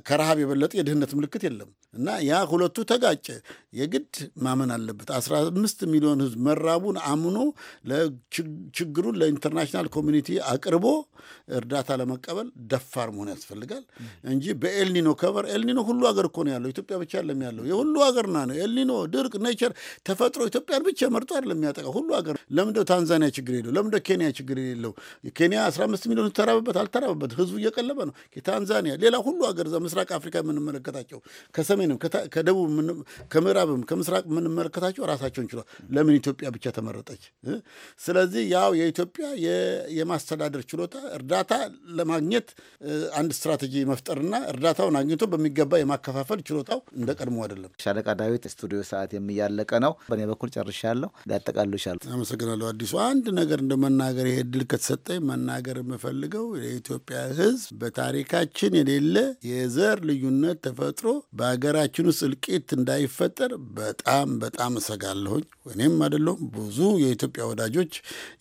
ከረሃብ የበለጠ የድህነት ምልክት የለም እና ያ ሁለቱ ተጋጨ። የግድ ማመን አለበት 15 ሚሊዮን ህዝብ መራቡን አምኖ ችግሩን ለኢንተርናሽናል ኮሚኒቲ አቅርቦ እርዳታ ለመቀበል ደፋር መሆን ያስፈልጋል እንጂ በኤልኒኖ ከቨር ኤልኒኖ ሁሉ ሀገር እኮ ነው ያለው ኢትዮጵያ ብቻ አለም ያለው የሁሉ ሀገር ና ነው ኤልኒኖ ድርቅ ኔቸር ተፈጥሮ ኢትዮጵያን ብቻ መርጦ አይደለም የሚያጠቃው ሁሉ ሀገር ለምንድነው ታንዛኒያ ችግር የለው ለምንድነው እንደ ኬንያ ችግር የሌለው ኬንያ 15 ሚሊዮን ተራበበት አልተራበበት ህዝቡ እየቀለበ ነው። ታንዛኒያ፣ ሌላ ሁሉ ሀገር ምስራቅ አፍሪካ የምንመለከታቸው ከሰሜንም ከደቡብ ከምዕራብም ከምስራቅ የምንመለከታቸው ራሳቸውን ችሏል። ለምን ኢትዮጵያ ብቻ ተመረጠች? ስለዚህ ያው የኢትዮጵያ የማስተዳደር ችሎታ እርዳታ ለማግኘት አንድ ስትራቴጂ መፍጠርና እርዳታውን አግኝቶ በሚገባ የማከፋፈል ችሎታው እንደ ቀድሞ አይደለም። ሻለቃ ዳዊት ስቱዲዮ ሰዓት የሚያለቀ ነው። በእኔ በኩል ጨርሻለሁ። ሊያጠቃሉ ይሻሉ። አመሰግናለሁ። አዲሱ አንድ ነገር እንደ መናገር ይሄ እድል ከተሰጠኝ መናገር የምፈልገው የኢትዮጵያ ሕዝብ በታሪካችን የሌለ የዘር ልዩነት ተፈጥሮ በሀገራችን ውስጥ እልቂት እንዳይፈጠር በጣም በጣም እሰጋለሁኝ። እኔም አይደለሁም ብዙ የኢትዮጵያ ወዳጆች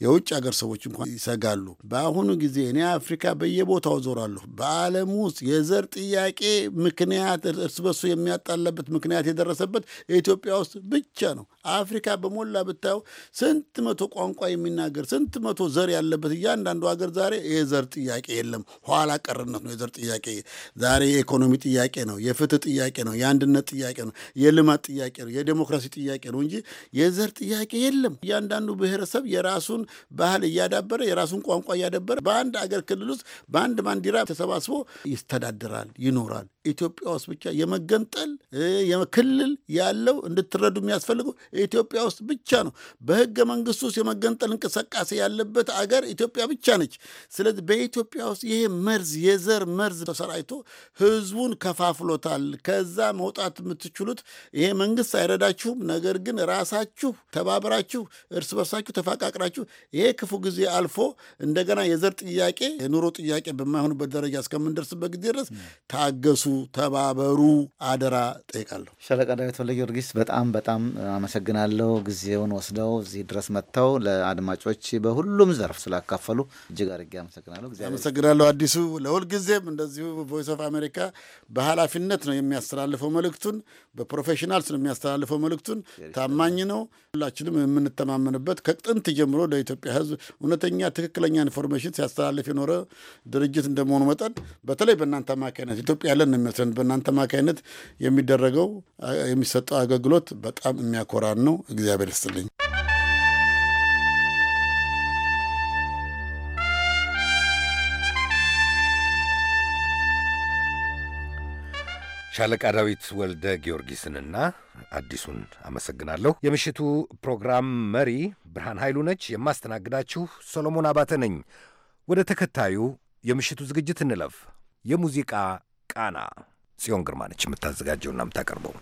የውጭ ሀገር ሰዎች እንኳን ይሰጋሉ። በአሁኑ ጊዜ እኔ አፍሪካ በየቦታው ዞራለሁ። በዓለም ውስጥ የዘር ጥያቄ ምክንያት እርስ በሱ የሚያጣለበት ምክንያት የደረሰበት ኢትዮጵያ ውስጥ ብቻ ነው። አፍሪካ በሞላ ብታየው ስንት መቶ ቋንቋ የሚናገር ስንት ስንት መቶ ዘር ያለበት እያንዳንዱ ሀገር ዛሬ የዘር ጥያቄ የለም። ኋላ ቀርነት ነው የዘር ጥያቄ። ዛሬ የኢኮኖሚ ጥያቄ ነው፣ የፍትህ ጥያቄ ነው፣ የአንድነት ጥያቄ ነው፣ የልማት ጥያቄ ነው፣ የዴሞክራሲ ጥያቄ ነው እንጂ የዘር ጥያቄ የለም። እያንዳንዱ ብሔረሰብ የራሱን ባህል እያዳበረ የራሱን ቋንቋ እያዳበረ በአንድ አገር ክልል ውስጥ በአንድ ባንዲራ ተሰባስቦ ይስተዳድራል፣ ይኖራል። ኢትዮጵያ ውስጥ ብቻ የመገንጠል ክልል ያለው እንድትረዱ የሚያስፈልገው ኢትዮጵያ ውስጥ ብቻ ነው። በህገ መንግስት ውስጥ የመገንጠል እንቅስቃሴ ያለበት አገር ኢትዮጵያ ብቻ ነች። ስለዚህ በኢትዮጵያ ውስጥ ይሄ መርዝ የዘር መርዝ ተሰራጭቶ ህዝቡን ከፋፍሎታል። ከዛ መውጣት የምትችሉት ይሄ መንግስት አይረዳችሁም፣ ነገር ግን ራሳችሁ ተባብራችሁ እርስ በርሳችሁ ተፋቃቅራችሁ ይሄ ክፉ ጊዜ አልፎ እንደገና የዘር ጥያቄ የኑሮ ጥያቄ በማይሆንበት ደረጃ እስከምንደርስበት ጊዜ ድረስ ታገሱ ተባበሩ፣ አደራ ጠይቃለሁ። ሻለቃ ዳዊት ወልደ ጊዮርጊስ በጣም በጣም አመሰግናለሁ። ጊዜውን ወስደው እዚህ ድረስ መጥተው ለአድማጮች በሁሉም ዘርፍ ስላካፈሉ እጅግ አድርጌ አመሰግናለሁ። አመሰግናለሁ አዲሱ። ለሁልጊዜም እንደዚሁ ቮይስ ኦፍ አሜሪካ በኃላፊነት ነው የሚያስተላልፈው መልእክቱን፣ በፕሮፌሽናልስ ነው የሚያስተላልፈው መልእክቱን። ታማኝ ነው፣ ሁላችንም የምንተማመንበት ከጥንት ጀምሮ ለኢትዮጵያ ሕዝብ እውነተኛ ትክክለኛ ኢንፎርሜሽን ሲያስተላልፍ የኖረ ድርጅት እንደመሆኑ መጠን በተለይ በእናንተ አማካኝነት ኢትዮጵያ ያለን በአማካኝነትን በእናንተ አማካኝነት የሚደረገው የሚሰጠው አገልግሎት በጣም የሚያኮራን ነው። እግዚአብሔር ይስጥልኝ። ሻለቃ ዳዊት ወልደ ጊዮርጊስንና አዲሱን አመሰግናለሁ። የምሽቱ ፕሮግራም መሪ ብርሃን ኃይሉ ነች። የማስተናግዳችሁ ሰሎሞን አባተ ነኝ። ወደ ተከታዩ የምሽቱ ዝግጅት እንለፍ። የሙዚቃ ቃና ጽዮን ግርማ ነች የምታዘጋጀውና የምታቀርበው።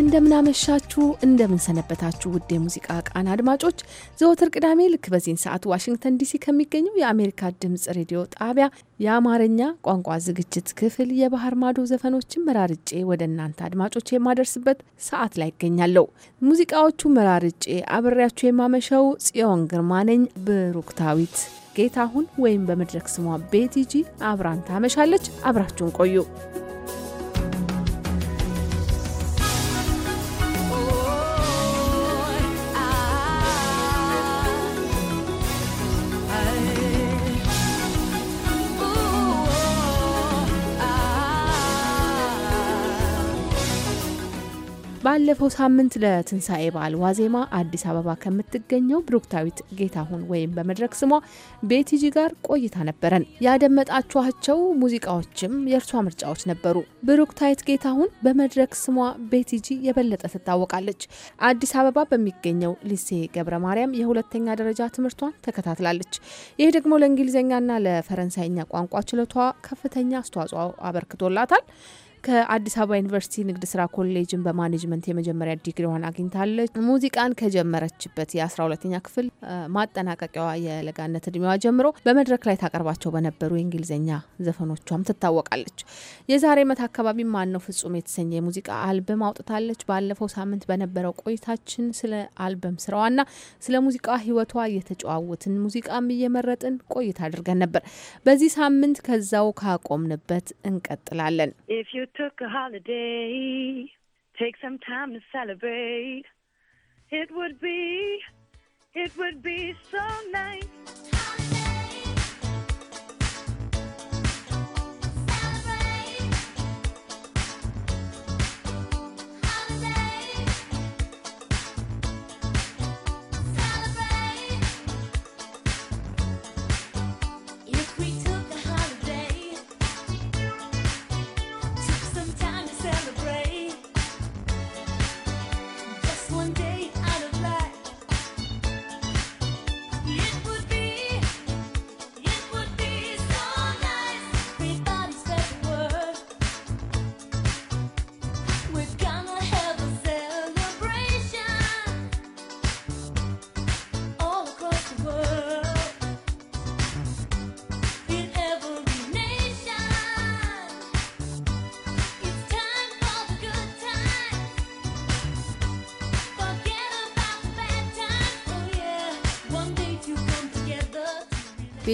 እንደምናመሻችሁ እንደምንሰነበታችሁ ውድ የሙዚቃ ቃን አድማጮች፣ ዘወትር ቅዳሜ ልክ በዚህን ሰዓት ዋሽንግተን ዲሲ ከሚገኘው የአሜሪካ ድምፅ ሬዲዮ ጣቢያ የአማርኛ ቋንቋ ዝግጅት ክፍል የባህር ማዶ ዘፈኖችን መራርጬ ወደ እናንተ አድማጮች የማደርስበት ሰዓት ላይ ይገኛለሁ። ሙዚቃዎቹ መራርጬ አብሬያችሁ የማመሸው ጽዮን ግርማ ነኝ። ብሩክታዊት ጌታሁን ወይም በመድረክ ስሟ ቤቲጂ አብራን ታመሻለች። አብራችሁን ቆዩ። ባለፈው ሳምንት ለትንሣኤ በዓል ዋዜማ አዲስ አበባ ከምትገኘው ብሩክታዊት ጌታሁን ወይም በመድረክ ስሟ ቤቲጂ ጋር ቆይታ ነበረን። ያደመጣችኋቸው ሙዚቃዎችም የእርሷ ምርጫዎች ነበሩ። ብሩክታዊት ጌታሁን በመድረክ ስሟ ቤቲጂ የበለጠ ትታወቃለች። አዲስ አበባ በሚገኘው ሊሴ ገብረ ማርያም የሁለተኛ ደረጃ ትምህርቷን ተከታትላለች። ይህ ደግሞ ለእንግሊዝኛና ለፈረንሳይኛ ቋንቋ ችሎቷ ከፍተኛ አስተዋጽኦ አበርክቶላታል። ከአዲስ አበባ ዩኒቨርሲቲ ንግድ ስራ ኮሌጅን በማኔጅመንት የመጀመሪያ ዲግሪዋን አግኝታለች። ሙዚቃን ከጀመረችበት የአስራ ሁለተኛ ክፍል ማጠናቀቂያዋ የለጋነት እድሜዋ ጀምሮ በመድረክ ላይ ታቀርባቸው በነበሩ የእንግሊዝኛ ዘፈኖቿም ትታወቃለች። የዛሬ መት አካባቢ ማነው ፍጹም የተሰኘ የሙዚቃ አልበም አውጥታለች። ባለፈው ሳምንት በነበረው ቆይታችን ስለ አልበም ስራዋና ስለ ሙዚቃ ህይወቷ እየተጫዋወትን ሙዚቃም እየመረጥን ቆይታ አድርገን ነበር። በዚህ ሳምንት ከዛው ካቆምንበት እንቀጥላለን። took a holiday, take some time to celebrate. It would be, it would be so nice.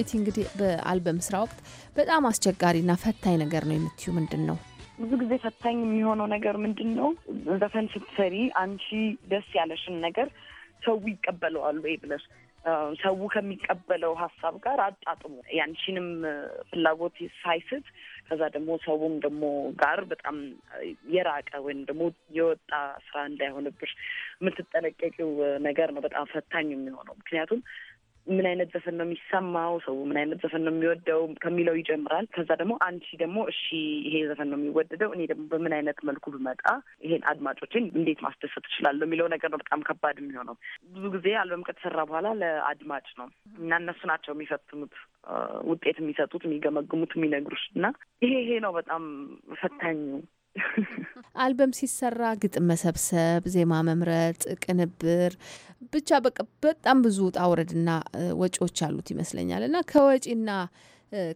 ቤቲ እንግዲህ በአልበም ስራ ወቅት በጣም አስቸጋሪና ፈታኝ ነገር ነው የምትዩ ምንድን ነው? ብዙ ጊዜ ፈታኝ የሚሆነው ነገር ምንድን ነው? ዘፈን ስትሰሪ አንቺ ደስ ያለሽን ነገር ሰው ይቀበለዋል ወይ ብለሽ ሰው ከሚቀበለው ሀሳብ ጋር አጣጥሙ ያንቺንም ፍላጎት ሳይስት ከዛ ደግሞ ሰውም ደግሞ ጋር በጣም የራቀ ወይም ደግሞ የወጣ ስራ እንዳይሆንብሽ የምትጠነቀቂው ነገር ነው በጣም ፈታኝ የሚሆነው ምክንያቱም ምን አይነት ዘፈን ነው የሚሰማው፣ ሰው ምን አይነት ዘፈን ነው የሚወደው ከሚለው ይጀምራል። ከዛ ደግሞ አንቺ ደግሞ እሺ ይሄ ዘፈን ነው የሚወደደው፣ እኔ ደግሞ በምን አይነት መልኩ ብመጣ ይሄን አድማጮችን እንዴት ማስደሰት እችላለሁ የሚለው ነገር ነው በጣም ከባድ የሚሆነው። ብዙ ጊዜ አልበም ከተሰራ በኋላ ለአድማጭ ነው እና እነሱ ናቸው የሚፈትኑት፣ ውጤት የሚሰጡት፣ የሚገመግሙት፣ የሚነግሩት እና ይሄ ይሄ ነው በጣም ፈታኙ አልበም ሲሰራ ግጥም መሰብሰብ፣ ዜማ መምረጥ፣ ቅንብር ብቻ በቃ በጣም ብዙ ውጣ ውረድና ወጪዎች አሉት ይመስለኛል እና ከወጪና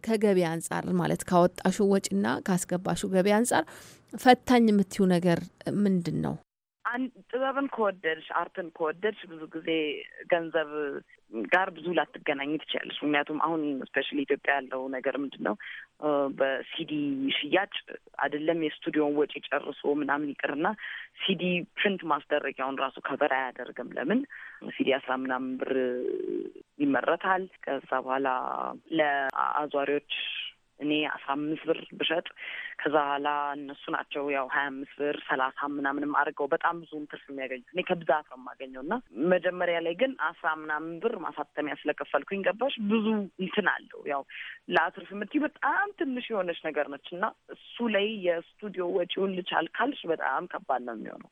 ከገቢ አንጻር ማለት ካወጣሹ ወጪና ካስገባሹ ገቢ አንጻር ፈታኝ የምትዩ ነገር ምንድን ነው? ጥበብን ከወደድሽ አርትን ከወደድሽ ብዙ ጊዜ ገንዘብ ጋር ብዙ ላትገናኝ ትችላለች። ምክንያቱም አሁን ስፔሻሊ ኢትዮጵያ ያለው ነገር ምንድን ነው? በሲዲ ሽያጭ አይደለም የስቱዲዮን ወጪ ጨርሶ ምናምን ይቅርና ሲዲ ፕሪንት ማስደረጊያውን ራሱ ከበር አያደርግም። ለምን ሲዲ አስራ ምናምን ብር ይመረታል። ከዛ በኋላ ለአዟሪዎች እኔ አስራ አምስት ብር ብሸጥ ከዛ በኋላ እነሱ ናቸው ያው ሀያ አምስት ብር ሰላሳ ምናምንም አድርገው በጣም ብዙም ትርፍ የሚያገኙት እኔ ከብዛት ነው የማገኘው። እና መጀመሪያ ላይ ግን አስራ ምናምን ብር ማሳተሚያ ስለከፈልኩኝ ገባሽ ብዙ እንትን አለው ያው ለአትርፍ የምትይው በጣም ትንሽ የሆነች ነገር ነች። እና እሱ ላይ የስቱዲዮ ወጪውን ልቻል ካልሽ በጣም ከባድ ነው የሚሆነው።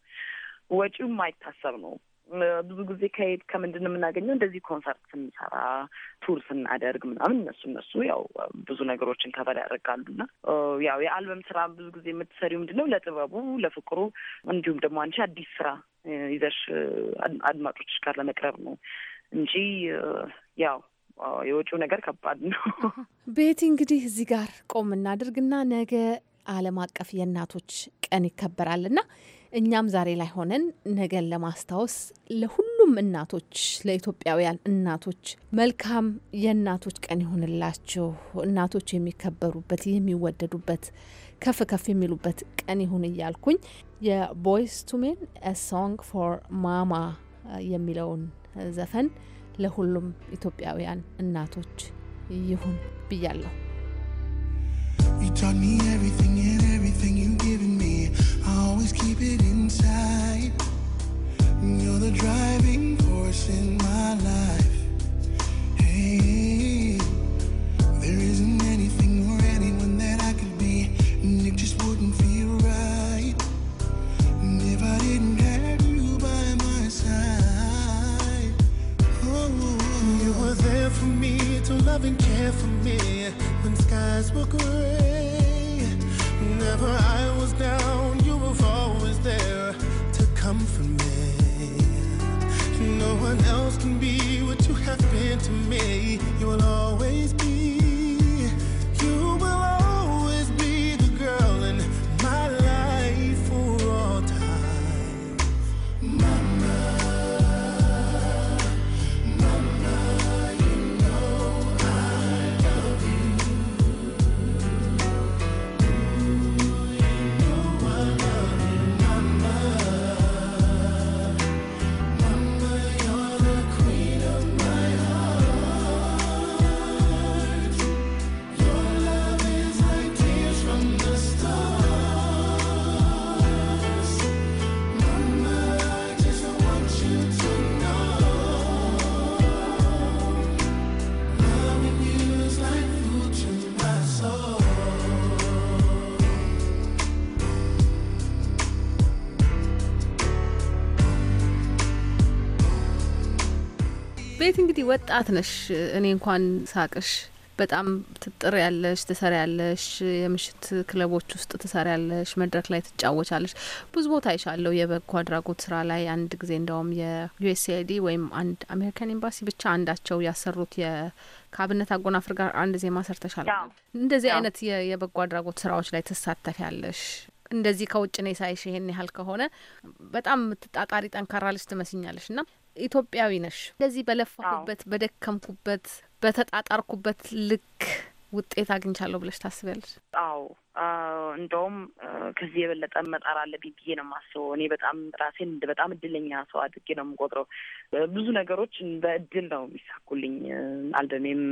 ወጪው የማይታሰብ ነው። ብዙ ጊዜ ከሄድ ከምንድን የምናገኘው እንደዚህ ኮንሰርት ስንሰራ ቱር ስናደርግ ምናምን እነሱ እነሱ ያው ብዙ ነገሮችን ከበር ያደርጋሉ እና ያው የአልበም ስራ ብዙ ጊዜ የምትሰሪው ምንድን ነው ለጥበቡ፣ ለፍቅሩ እንዲሁም ደግሞ አንቺ አዲስ ስራ ይዘሽ አድማጮች ጋር ለመቅረብ ነው እንጂ ያው የወጪው ነገር ከባድ ነው። (laughs) ቤቲ እንግዲህ እዚህ ጋር ቆም እናድርግና ነገ ዓለም አቀፍ የእናቶች ቀን ይከበራልና እኛም ዛሬ ላይ ሆነን ነገን ለማስታወስ ለሁሉም እናቶች፣ ለኢትዮጵያውያን እናቶች መልካም የእናቶች ቀን ይሁንላችሁ። እናቶች የሚከበሩበት የሚወደዱበት፣ ከፍ ከፍ የሚሉበት ቀን ይሁን እያልኩኝ የቦይስ ቱሜን ሶንግ ፎር ማማ የሚለውን ዘፈን ለሁሉም ኢትዮጵያውያን እናቶች ይሁን ብያለሁ። You taught me everything and everything always keep it inside. You're the driving force in my life. Hey, there isn't anything or anyone that I could be, and it just wouldn't feel right. And if I didn't have you by my side, oh, you were there for me to love and care for me when skies were gray. Whenever I was down, you you was always there to comfort me. No one else can be what you have been to me. You will always be. እንግዲህ ወጣት ነሽ። እኔ እንኳን ሳቅሽ በጣም ትጥር ያለሽ ትሰሪ ያለሽ የምሽት ክለቦች ውስጥ ትሰሪ ያለሽ መድረክ ላይ ትጫወቻለሽ። ብዙ ቦታ ይሻለሁ የበጎ አድራጎት ስራ ላይ አንድ ጊዜ እንደውም የዩኤስኤአይዲ ወይም አንድ አሜሪካን ኤምባሲ ብቻ አንዳቸው ያሰሩት የካብነት አጎናፍር ጋር አንድ ዜማ ሰርተሻል። እንደዚህ አይነት የበጎ አድራጎት ስራዎች ላይ ትሳተፊ ያለሽ። እንደዚህ ከውጭ ነው ሳይሽ ይሄን ያህል ከሆነ በጣም ትጣጣሪ ጠንካራ ልጅ ትመስኛለሽ እና ኢትዮጵያዊ ነሽ። ስለዚህ በለፋሁበት፣ በደከምኩበት፣ በተጣጣርኩበት ልክ ውጤት አግኝቻለሁ ብለሽ ታስቢያለሽ? አዎ እንደውም ከዚህ የበለጠ መጣር አለብኝ ብዬ ነው የማስበው። እኔ በጣም ራሴን በጣም እድለኛ ሰው አድርጌ ነው የምቆጥረው። ብዙ ነገሮች በእድል ነው የሚሳኩልኝ። አልበሜም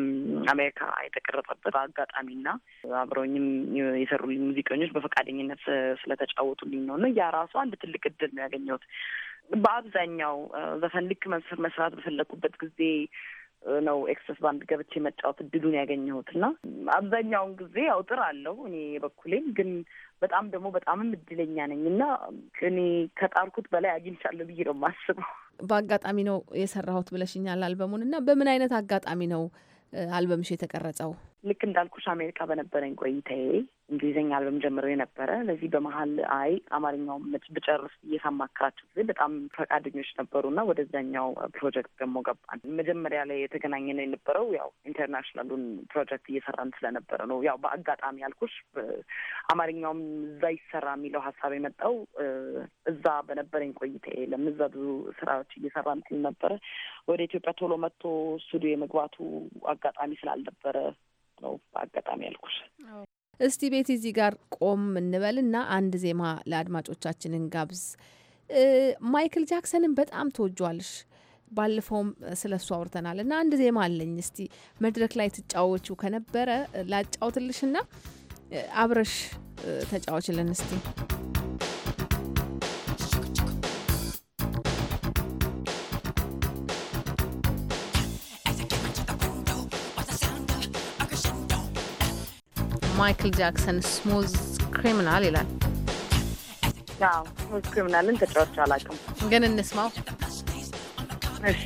አሜሪካ የተቀረጸበት አጋጣሚና አብረውኝም የሰሩልኝ ሙዚቀኞች በፈቃደኝነት ስለተጫወቱልኝ ነው እና ያ ራሱ አንድ ትልቅ እድል ነው ያገኘሁት። በአብዛኛው ዘፈን ልክ መስራት በፈለግኩበት ጊዜ ነው ኤክሰስ ባንድ ገብቼ መጫወት እድሉን ያገኘሁት እና አብዛኛውን ጊዜ ያው አለው እኔ የበኩሌን ግን በጣም ደግሞ በጣምም እድለኛ ነኝ እና እኔ ከጣርኩት በላይ አግኝቻለሁ ብዬ ነው የማስበው። በአጋጣሚ ነው የሰራሁት ብለሽኛል አልበሙን እና በምን አይነት አጋጣሚ ነው አልበምሽ የተቀረጸው? ልክ እንዳልኩሽ አሜሪካ በነበረኝ ቆይታዬ እንግሊዝኛ ጀምሮ የነበረ ለዚህ በመሀል አይ አማርኛውም ብጨርስ እየሳማከራቸው ጊዜ በጣም ፈቃደኞች ነበሩና ወደዛኛው ፕሮጀክት ደግሞ ገባን። መጀመሪያ ላይ ነው የነበረው ያው ኢንተርናሽናሉን ፕሮጀክት እየሰራን ስለነበረ ነው። ያው በአጋጣሚ ያልኩሽ አማርኛውም እዛ ይሰራ የሚለው ሀሳብ የመጣው እዛ በነበረኝ ቆይታዬ ለምዛ ብዙ ስራዎች እየሰራን ስለነበረ ወደ ኢትዮጵያ ቶሎ መጥቶ ስቱዲዮ የመግባቱ አጋጣሚ ስላልነበረ ነው በአጋጣሚ ያልኩሽ። እስቲ ቤት እዚህ ጋር ቆም እንበልና አንድ ዜማ ለአድማጮቻችንን ጋብዝ። ማይክል ጃክሰንን በጣም ተወጇልሽ ባለፈውም ስለ እሱ አውርተናል እና አንድ ዜማ አለኝ። እስቲ መድረክ ላይ ትጫወቹ ከነበረ ላጫውትልሽና አብረሽ ተጫወችልን እስቲ ማይክል ጃክሰን ስሙዝ ክሪሚናል ይላል። ስሙዝ ክሪሚናልን ተጫዋች አላውቅም፣ ግን እንስማው። እሺ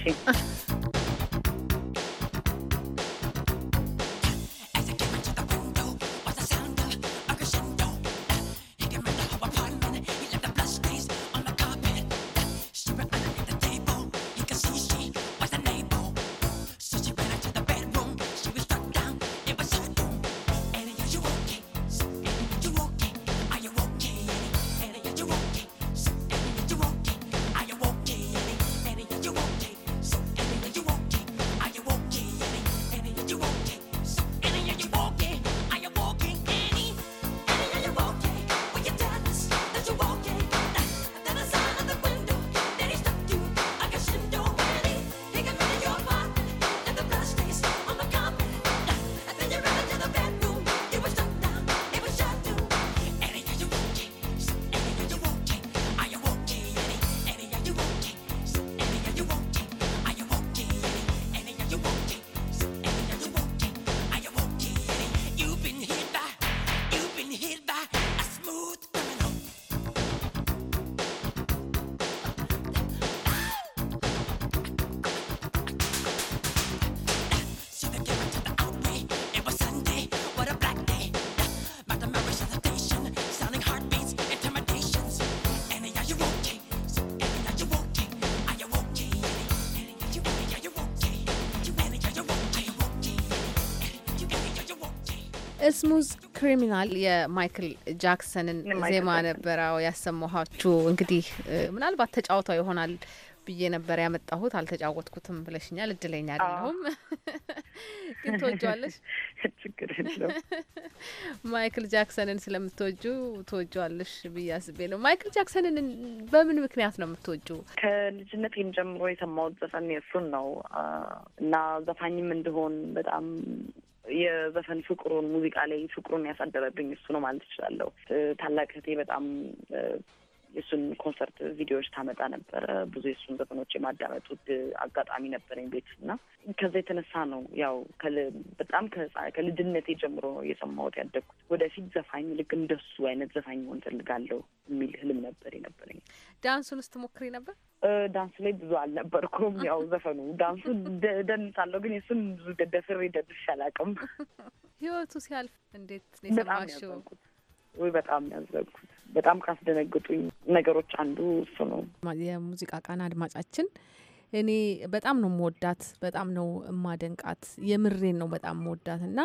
ስሙዝ ክሪሚናል የማይክል ጃክሰንን ዜማ ነበረው ያሰማኋችሁ። እንግዲህ ምናልባት ተጫውታ ይሆናል ብዬ ነበር ያመጣሁት። አልተጫወትኩትም ብለሽኛል። እድለኛ አይደለሁም፣ (laughs) ግን ትወጇዋለሽ። (laughs) (laughs) ማይክል ጃክሰንን ስለምትወጁ ትወጇዋለሽ ብዬ አስቤ ነው። ማይክል ጃክሰንን በምን ምክንያት ነው የምትወጁ? ከልጅነቴም ጀምሮ የሰማሁት ዘፈን የእሱን ነው እና ዘፋኝም እንደሆን በጣም የዘፈን ፍቅሩን ሙዚቃ ላይ ፍቅሩን ያሳደረብኝ እሱ ነው ማለት እችላለሁ። ታላቅ እህቴ በጣም የእሱን ኮንሰርት ቪዲዮዎች ታመጣ ነበረ። ብዙ የእሱን ዘፈኖች የማዳመጡ አጋጣሚ ነበረኝ ቤት እና ከዛ የተነሳ ነው ያው በጣም ከልጅነቴ ጀምሮ ነው እየሰማሁት ያደግኩት። ወደፊት ዘፋኝ ልክ እንደሱ አይነት ዘፋኝ መሆን እፈልጋለሁ የሚል ህልም ነበር የነበረኝ። ዳንሱን ውስጥ ሞክሪ ነበር? ዳንስ ላይ ብዙ አልነበርኩም። ያው ዘፈኑ ዳንሱ ደንሳለሁ፣ ግን የሱን ብዙ ደደፍሬ ደንሼ አላውቅም። (laughs) ህይወቱ ሲያልፍ እንዴት ነው የሰማሽው? በጣም ያዘንኩት። በጣም ካስደነግጡኝ ነገሮች አንዱ እሱ ነው። የሙዚቃ ቃና አድማጫችን እኔ በጣም ነው መወዳት በጣም ነው የማደንቃት። የምሬን ነው በጣም መወዳት እና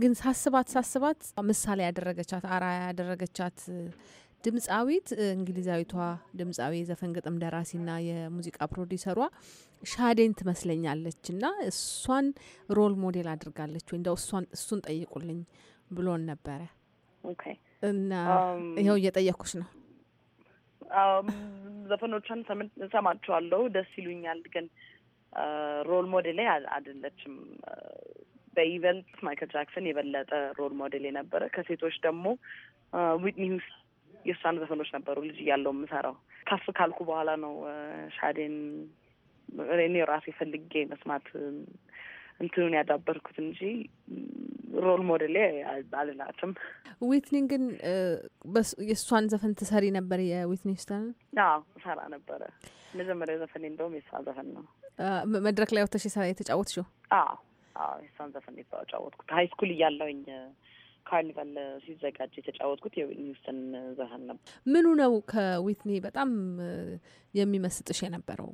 ግን ሳስባት ሳስባት ምሳሌ ያደረገቻት አራያ ያደረገቻት ድምፃዊት እንግሊዛዊቷ ድምፃዊ ዘፈን ግጥም ደራሲና የሙዚቃ ፕሮዲሰሯ ሻዴን ትመስለኛለች እና እሷን ሮል ሞዴል አድርጋለች ወይ እንደው እሷን እሱን ጠይቁልኝ ብሎን ነበረ። እና um, ይኸው እየጠየኩሽ ነው። um, ዘፈኖቿን እሰማቸዋለሁ፣ ደስ ይሉኛል። ግን uh, ሮል ሞዴል አይደለችም። uh, በይበልጥ ማይክል ጃክሰን የበለጠ ሮል ሞዴል የነበረ ከሴቶች ደግሞ uh, ዊትኒ ሁስ የእሷን ዘፈኖች ነበሩ ልጅ እያለው የምሰራው። ከፍ ካልኩ በኋላ ነው ሻዴን እኔ ራሴ ፈልጌ መስማት እንትኑን ያዳበርኩት እንጂ ሮል ሞዴሌ አልላትም። ዊትኒን ግን የእሷን ዘፈን ትሰሪ ነበር? የዊትኒ ሂውስተን ሰራ ነበረ። መጀመሪያ ዘፈን እንደውም የእሷ ዘፈን ነው። መድረክ ላይ ወተሽ የተጫወትሽው? አዎ፣ የሷን ዘፈን የተጫወትኩት ሀይ ስኩል እያለውኝ ካርኒቫል ሲዘጋጅ የተጫወትኩት የዊትኒ ዘፈን ነበር። ምኑ ነው ከዊትኒ በጣም የሚመስጥሽ የነበረው?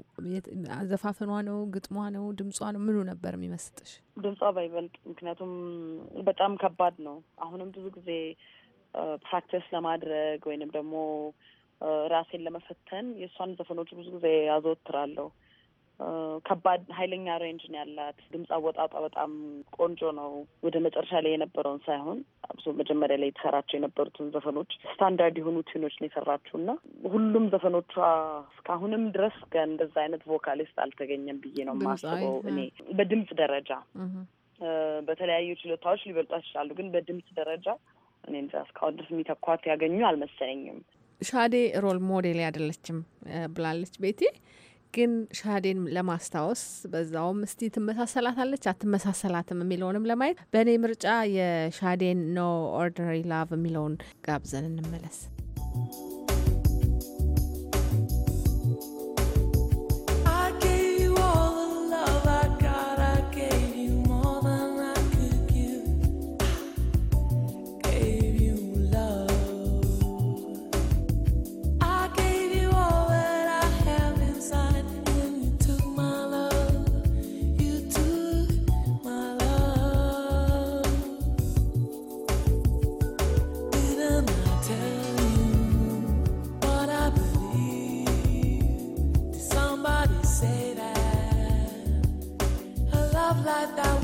ዘፋፈኗ ነው? ግጥሟ ነው? ድምጿ ነው? ምኑ ነበር የሚመስጥሽ? ድምጿ ባይበልጥ፣ ምክንያቱም በጣም ከባድ ነው። አሁንም ብዙ ጊዜ ፕራክቲስ ለማድረግ ወይንም ደግሞ ራሴን ለመፈተን የእሷን ዘፈኖች ብዙ ጊዜ አዘወትራለሁ። ከባድ ኃይለኛ ሬንጅ ነው ያላት። ድምፅ አወጣጧ በጣም ቆንጆ ነው። ወደ መጨረሻ ላይ የነበረውን ሳይሆን አብሶ መጀመሪያ ላይ የተሰራቸው የነበሩትን ዘፈኖች ስታንዳርድ የሆኑ ቲኖች ነው የሰራችው እና ሁሉም ዘፈኖቿ እስካሁንም ድረስ እንደዛ አይነት ቮካሊስት አልተገኘም ብዬ ነው የማስበው እኔ በድምፅ ደረጃ በተለያዩ ችሎታዎች ሊበልጧት ይችላሉ፣ ግን በድምፅ ደረጃ እኔ እንጃ እስካሁን ድረስ የሚተኳት ያገኙ አልመሰለኝም። ሻዴ ሮል ሞዴል ያደለችም ብላለች ቤቴ ግን ሻዴን ለማስታወስ በዛውም እስቲ ትመሳሰላታለች አትመሳሰላትም የሚለውንም ለማየት በእኔ ምርጫ የሻዴን ኖ ኦርዲነሪ ላቭ የሚለውን ጋብዘን እንመለስ። that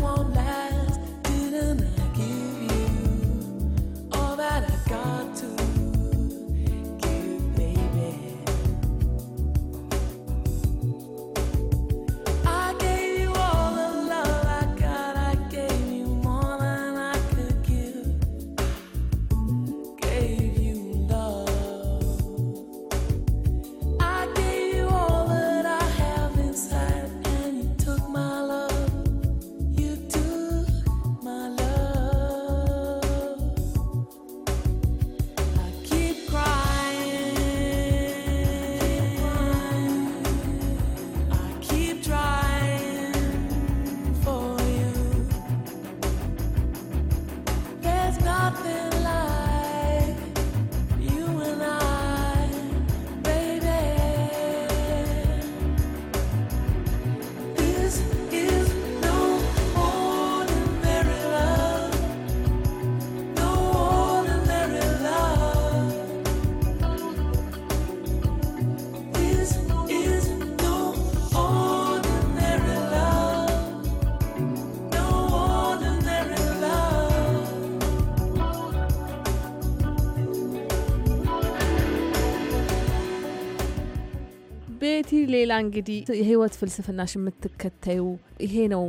ሌላ እንግዲህ የህይወት ፍልስፍናሽ የምትከተዩ ይሄ ነው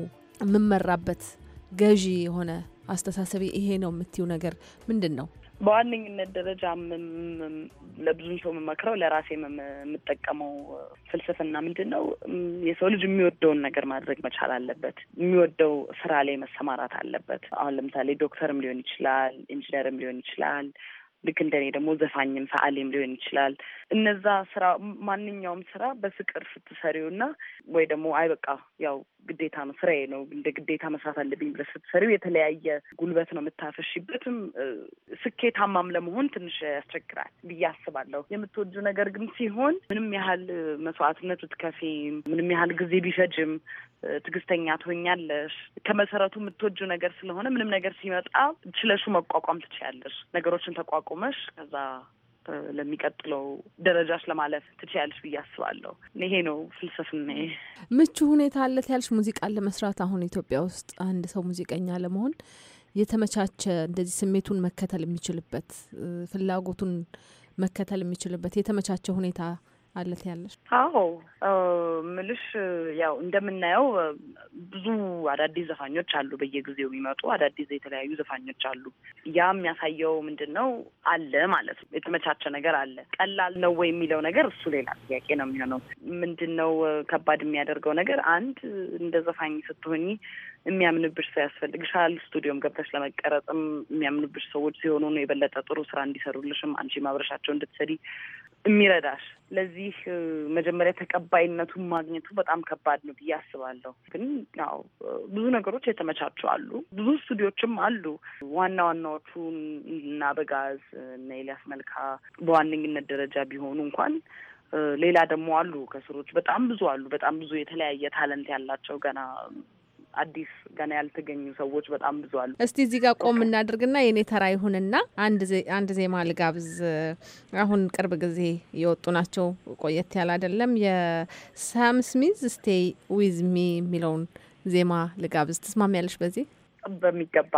የምመራበት ገዢ የሆነ አስተሳሰቤ ይሄ ነው የምትዩ ነገር ምንድን ነው? በዋነኝነት ደረጃ ለብዙ ሰው የምመክረው ለራሴ የምጠቀመው ፍልስፍና ምንድን ነው? የሰው ልጅ የሚወደውን ነገር ማድረግ መቻል አለበት። የሚወደው ስራ ላይ መሰማራት አለበት። አሁን ለምሳሌ ዶክተርም ሊሆን ይችላል፣ ኢንጂነርም ሊሆን ይችላል። ልክ እንደኔ ደግሞ ዘፋኝም ሰዓሊም ሊሆን ይችላል። እነዛ ስራ ማንኛውም ስራ በፍቅር ስትሰሪው እና ወይ ደግሞ አይበቃ ያው ግዴታ ነው ስራዬ ነው እንደ ግዴታ መስራት አለብኝ ብለሽ ስትሰሪው የተለያየ ጉልበት ነው የምታፈሽበትም። ስኬታማም ለመሆን ትንሽ ያስቸግራል ብዬ አስባለሁ። የምትወጁ ነገር ግን ሲሆን ምንም ያህል መስዋዕትነት ብትከፊም፣ ምንም ያህል ጊዜ ቢፈጅም ትግስተኛ ትሆኛለሽ። ከመሰረቱ የምትወጁ ነገር ስለሆነ ምንም ነገር ሲመጣ ችለሹ መቋቋም ትችያለሽ። ነገሮችን ተቋቁመሽ ከዛ ለሚቀጥለው ደረጃዎች ለማለፍ ትችያለሽ ብዬ አስባለሁ። ይሄ ነው ፍልስፍና። ምቹ ሁኔታ አለት ያልሽ ሙዚቃን ለመስራት አሁን ኢትዮጵያ ውስጥ አንድ ሰው ሙዚቀኛ ለመሆን የተመቻቸ እንደዚህ ስሜቱን መከተል የሚችልበት ፍላጎቱን መከተል የሚችልበት የተመቻቸ ሁኔታ አለት ያለሽ? አዎ ምልሽ ያው እንደምናየው ብዙ አዳዲስ ዘፋኞች አሉ፣ በየጊዜው የሚመጡ አዳዲስ የተለያዩ ዘፋኞች አሉ። ያ የሚያሳየው ምንድን ነው አለ ማለት ነው፣ የተመቻቸ ነገር አለ። ቀላል ነው ወይ የሚለው ነገር እሱ ሌላ ጥያቄ ነው የሚሆነው። ምንድን ነው ከባድ የሚያደርገው ነገር አንድ እንደ ዘፋኝ ስትሆኝ የሚያምንብሽ ሰው ያስፈልግሻል። ስቱዲዮም ገብተሽ ለመቀረጽም የሚያምንብሽ ሰዎች ሲሆኑ ነው የበለጠ ጥሩ ስራ እንዲሰሩልሽም አንቺ ማብረሻቸው እንድትሰሪ የሚረዳሽ። ለዚህ መጀመሪያ ተቀባይነቱን ማግኘቱ በጣም ከባድ ነው ብዬ አስባለሁ። ግን ያው ብዙ ነገሮች የተመቻቹ አሉ፣ ብዙ ስቱዲዮችም አሉ። ዋና ዋናዎቹ እና አበጋዝ እና ኤልያስ መልካ በዋነኝነት ደረጃ ቢሆኑ እንኳን ሌላ ደግሞ አሉ ከስሮች በጣም ብዙ አሉ። በጣም ብዙ የተለያየ ታለንት ያላቸው ገና አዲስ ገና ያልተገኙ ሰዎች በጣም ብዙ አሉ። እስቲ እዚህ ጋር ቆም እናድርግና የኔ ተራ ይሁንና አንድ ዜማ ልጋብዝ። አሁን ቅርብ ጊዜ የወጡ ናቸው፣ ቆየት ያለ አይደለም። የሳም ስሚዝ ስቴይ ዊዝ ሚ የሚለውን ዜማ ልጋብዝ። ትስማሚያለሽ በዚህ በሚገባ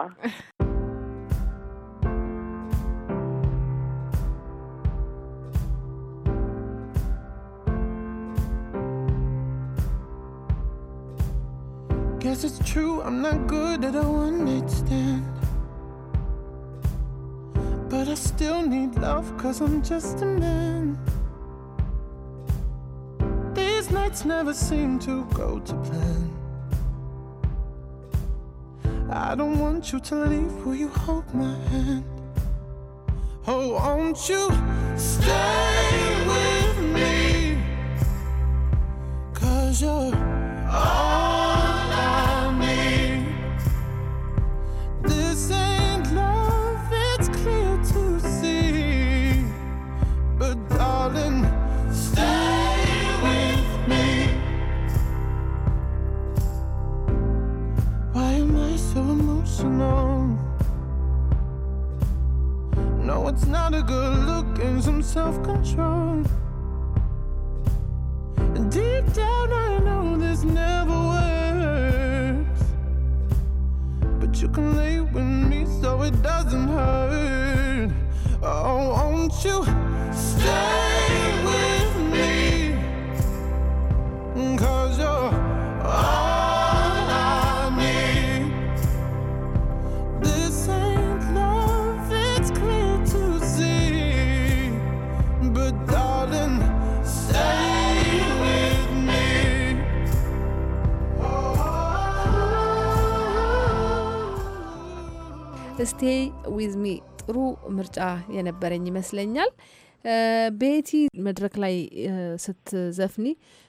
guess it's true, I'm not good at understand. But I still need love, cause I'm just a man. These nights never seem to go to plan. I don't want you to leave, will you hold my hand? Oh, won't you stay with me? Cause you're all. ምርጫ የነበረኝ ይመስለኛል። ቤቲ መድረክ ላይ ስትዘፍኒ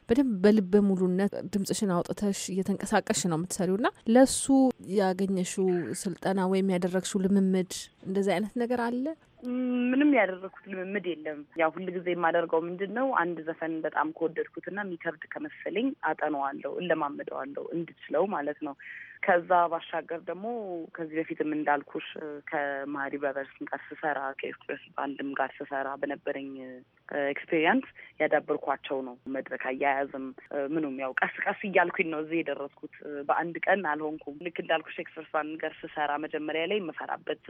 በደንብ በልበ ሙሉነት ድምጽሽን አውጥተሽ እየተንቀሳቀስሽ ነው የምትሰሪው ና ለሱ ያገኘሽው ስልጠና ወይም ያደረግሽው ልምምድ እንደዚህ አይነት ነገር አለ? ምንም ያደረግኩት ልምምድ የለም። ያው ሁል ጊዜ የማደርገው ምንድን ነው አንድ ዘፈን በጣም ከወደድኩትና የሚከብድ ከመሰለኝ አጠነዋለሁ፣ እለማመደዋለሁ እንድችለው ማለት ነው። ከዛ ባሻገር ደግሞ ከዚህ በፊትም እንዳልኩሽ ከማሪ በበርስም ጋር ስሰራ ከኤክስፕሬስ ባንድም ጋር ስሰራ በነበረኝ ኤክስፔሪንስ ያዳበርኳቸው ነው። መድረክ አያያዝም ምኑም ያው ቀስ ቀስ እያልኩኝ ነው እዚህ የደረስኩት። በአንድ ቀን አልሆንኩም። ልክ እንዳልኩ ሼክስፒር ሳንገር ስሰራ መጀመሪያ ላይ የምፈራበት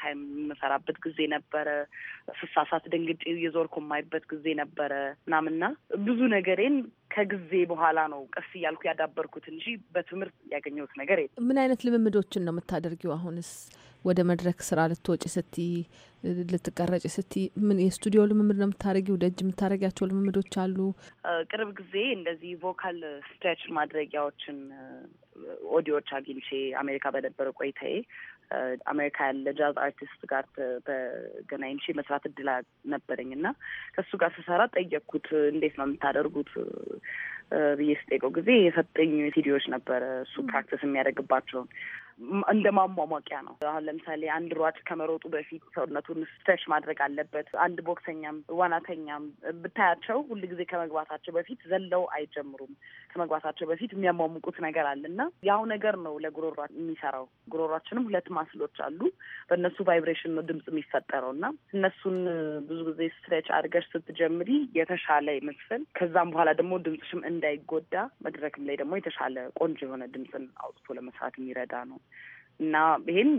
ታይም የምሰራበት ጊዜ ነበረ። ስሳሳት ድንግጭ እየዞርኩ የማይበት ጊዜ ነበረ ምናምና ብዙ ነገሬን ከጊዜ በኋላ ነው ቀስ እያልኩ ያዳበርኩት እንጂ በትምህርት ያገኘሁት ነገር የለም። ምን አይነት ልምምዶችን ነው የምታደርጊው አሁንስ? ወደ መድረክ ስራ ልትወጪ ስቲ ልትቀረጭ ስቲ ምን የስቱዲዮ ልምምድ ነው ወደ እጅ የምታደረጊያቸው ልምምዶች አሉ? ቅርብ ጊዜ እንደዚህ ቮካል ስትሬች ማድረጊያዎችን ኦዲዮች አግኝቼ አሜሪካ በነበረ ቆይታዬ አሜሪካ ያለ ጃዝ አርቲስት ጋር በገናኝቼ መስራት እድል ነበረኝ እና ከእሱ ጋር ስሰራ ጠየቅኩት፣ እንዴት ነው የምታደርጉት ብዬ ስጠይቀው ጊዜ የሰጠኝ ሲዲዎች ነበረ እሱ ፕራክቲስ የሚያደርግባቸውን እንደ ማሟሟቂያ ነው። አሁን ለምሳሌ አንድ ሯጭ ከመሮጡ በፊት ሰውነቱን ስተሽ ማድረግ አለበት። አንድ ቦክሰኛም ዋናተኛም ብታያቸው ሁል ጊዜ ከመግባታቸው በፊት ዘለው አይጀምሩም። ከመግባታቸው በፊት የሚያሟሙቁት ነገር አለ እና ያው ነገር ነው ለጉሮሯ የሚሰራው። ጉሮሯችንም ሁለት ማስሎች አሉ። በእነሱ ቫይብሬሽን ነው ድምጽ የሚፈጠረው እና እነሱን ብዙ ጊዜ ስትሬች አድርገሽ ስትጀምሪ የተሻለ ይመስል ከዛም በኋላ ደግሞ ድምፅሽም እንዳይጎዳ መድረክም ላይ ደግሞ የተሻለ ቆንጆ የሆነ ድምፅን አውጥቶ ለመስራት የሚረዳ ነው እና ይሄን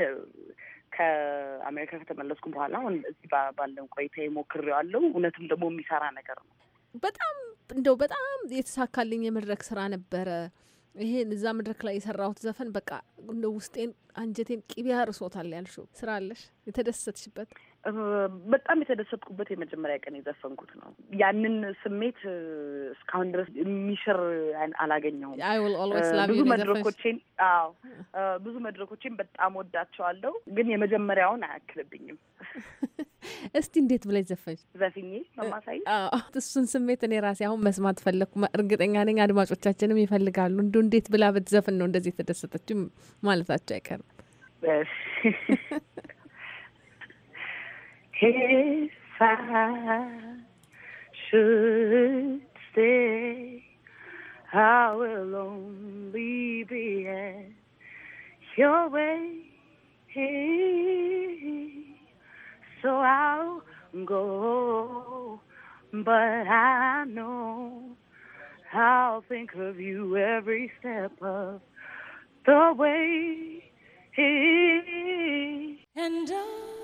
ከአሜሪካ ከተመለስኩም በኋላ እዚህ ባለን ቆይታ ሞክሬዋለሁ። እውነትም ደግሞ የሚሰራ ነገር ነው። በጣም እንደው በጣም የተሳካልኝ የመድረክ ስራ ነበረ። ይሄን እዛ መድረክ ላይ የሰራሁት ዘፈን በቃ እንደ ውስጤን አንጀቴን ቅቤ አርሶታል። ያልሽው ስራ አለሽ የተደሰትሽበት? በጣም የተደሰጥኩበት የመጀመሪያ ቀን የዘፈንኩት ነው። ያንን ስሜት እስካሁን ድረስ የሚሽር አላገኘሁም። ብዙ መድረኮቼን አዎ፣ ብዙ መድረኮቼን በጣም ወዳቸዋለሁ፣ ግን የመጀመሪያውን አያክልብኝም። እስቲ እንዴት ብለሽ ዘፈንሽ? ዘፍኜ በማሳይ እሱን ስሜት እኔ ራሴ አሁን መስማት ፈለግኩ። እርግጠኛ ነኝ አድማጮቻችንም ይፈልጋሉ። እንዱ እንዴት ብላ ብትዘፍን ነው እንደዚህ የተደሰተችው ማለታቸው አይቀርም። If I should stay, I will only be at your way. So I'll go, but I know I'll think of you every step of the way. And I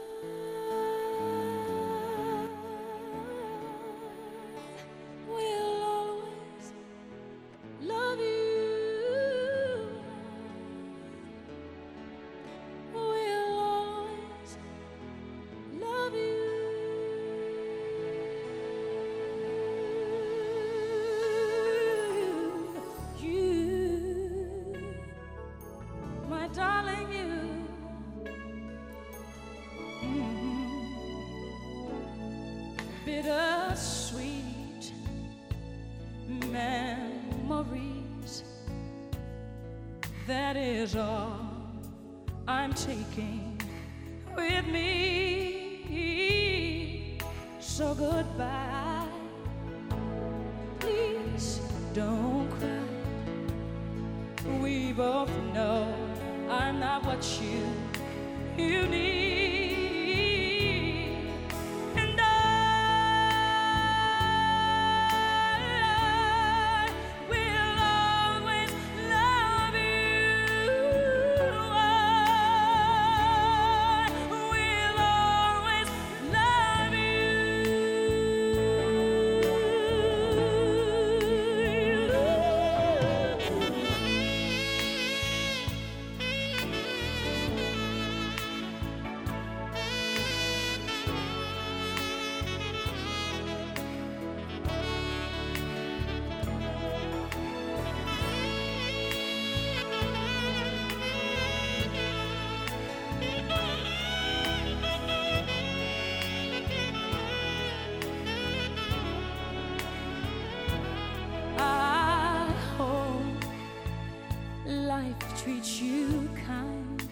Treat you kind.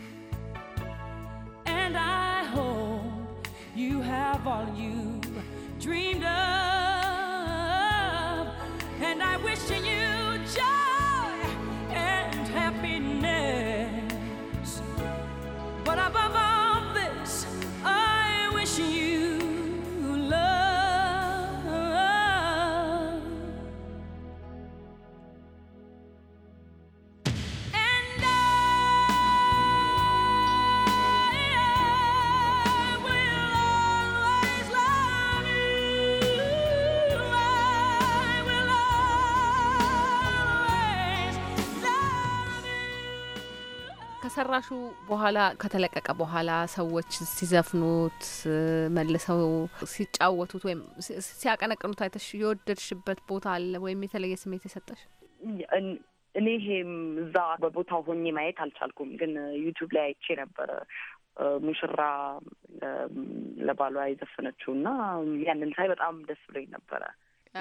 And I hope you have all you dreamed of. And I wish you. ከሰራሹ በኋላ ከተለቀቀ በኋላ ሰዎች ሲዘፍኑት መልሰው ሲጫወቱት ወይም ሲያቀነቅኑት አይተሽ የወደድሽበት ቦታ አለ ወይም የተለየ ስሜት የሰጠሽ? እኔ ይሄም እዛ በቦታው ሆኜ ማየት አልቻልኩም፣ ግን ዩቱብ ላይ አይቼ ነበረ ሙሽራ ለባሏ የዘፈነችው እና ያንን ሳይ በጣም ደስ ብሎኝ ነበረ።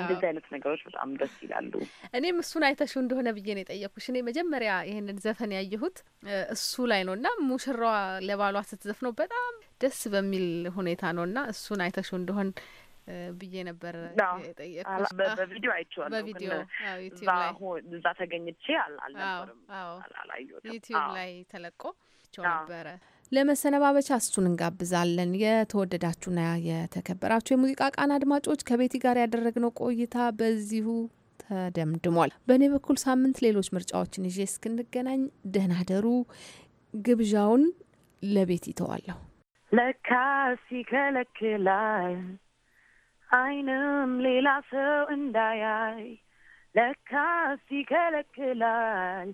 እንደዚህ አይነት ነገሮች በጣም ደስ ይላሉ። እኔም እሱን አይተሽው እንደሆነ ብዬ ነው የጠየኩሽ። እኔ መጀመሪያ ይህንን ዘፈን ያየሁት እሱ ላይ ነው እና ሙሽራዋ ለባሏ ስትዘፍነው በጣም ደስ በሚል ሁኔታ ነው እና እሱን አይተሽው እንደሆን ብዬ ነበር በቪዲዮ አይቼዋለሁ። በቪዲዮ እዛ ተገኝቼ አልነበርም፣ ዩቲዩብ ላይ ተለቆ ቸው ነበረ ለመሰነባበቻ እሱን እንጋብዛለን። የተወደዳችሁና የተከበራችሁ የሙዚቃ ቃና አድማጮች ከቤቲ ጋር ያደረግነው ቆይታ በዚሁ ተደምድሟል። በእኔ በኩል ሳምንት ሌሎች ምርጫዎችን ይዤ እስክንገናኝ ደህና ደሩ። ግብዣውን ለቤት ይተዋለሁ። ለካ ሲከለክላል አይንም ሌላ ሰው እንዳያይ ለካ ሲከለክላል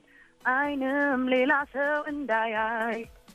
አይንም ሌላ ሰው እንዳያይ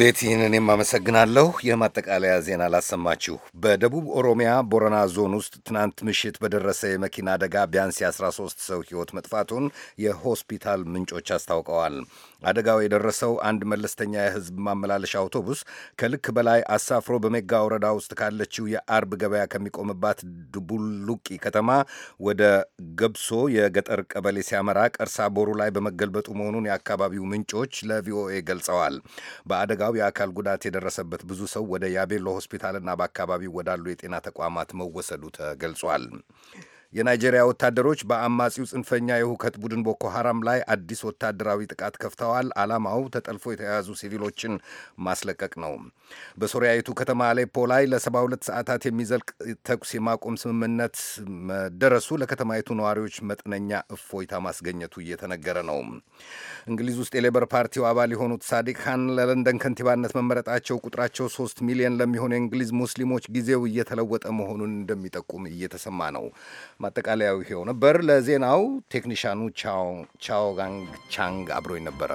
ቤቲንንም አመሰግናለሁ። የማጠቃለያ ዜና ላሰማችሁ። በደቡብ ኦሮሚያ ቦረና ዞን ውስጥ ትናንት ምሽት በደረሰ የመኪና አደጋ ቢያንስ የ13 ሰው ሕይወት መጥፋቱን የሆስፒታል ምንጮች አስታውቀዋል። አደጋው የደረሰው አንድ መለስተኛ የህዝብ ማመላለሻ አውቶቡስ ከልክ በላይ አሳፍሮ በሜጋ ወረዳ ውስጥ ካለችው የአርብ ገበያ ከሚቆምባት ድቡሉቂ ከተማ ወደ ገብሶ የገጠር ቀበሌ ሲያመራ ቀርሳ ቦሩ ላይ በመገልበጡ መሆኑን የአካባቢው ምንጮች ለቪኦኤ ገልጸዋል። በአደጋው የአካል ጉዳት የደረሰበት ብዙ ሰው ወደ ያቤሎ ሆስፒታልና በአካባቢው ወዳሉ የጤና ተቋማት መወሰዱ ተገልጿል። የናይጄሪያ ወታደሮች በአማጺው ጽንፈኛ የሁከት ቡድን ቦኮ ሐራም ላይ አዲስ ወታደራዊ ጥቃት ከፍተዋል። ዓላማው ተጠልፎ የተያዙ ሲቪሎችን ማስለቀቅ ነው። በሶሪያዊቱ ከተማ አሌፖ ላይ ለ72 ሰዓታት የሚዘልቅ ተኩስ የማቆም ስምምነት መደረሱ ለከተማይቱ ነዋሪዎች መጠነኛ እፎይታ ማስገኘቱ እየተነገረ ነው። እንግሊዝ ውስጥ የሌበር ፓርቲው አባል የሆኑት ሳዲቅ ካን ለለንደን ከንቲባነት መመረጣቸው ቁጥራቸው ሶስት ሚሊዮን ለሚሆኑ የእንግሊዝ ሙስሊሞች ጊዜው እየተለወጠ መሆኑን እንደሚጠቁም እየተሰማ ነው። ማጠቃለያው ይሄው ነበር። ለዜናው ቴክኒሻኑ ቻዎጋንግ ቻንግ አብሮኝ ነበረ።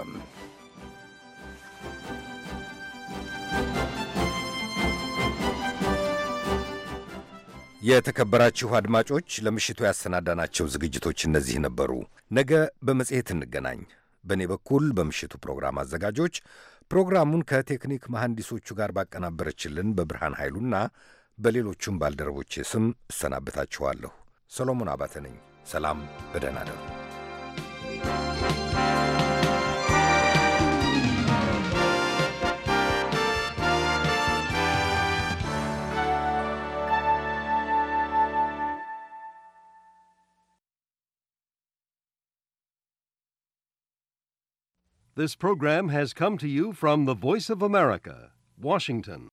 የተከበራችሁ አድማጮች ለምሽቱ ያሰናዳናቸው ዝግጅቶች እነዚህ ነበሩ። ነገ በመጽሔት እንገናኝ። በእኔ በኩል በምሽቱ ፕሮግራም አዘጋጆች ፕሮግራሙን ከቴክኒክ መሐንዲሶቹ ጋር ባቀናበረችልን በብርሃን ኃይሉና በሌሎቹም ባልደረቦቼ ስም እሰናብታችኋለሁ። ሰሎሞን አባተ ነኝ። ሰላም፣ በደህና This program has come to you from the Voice of America, Washington.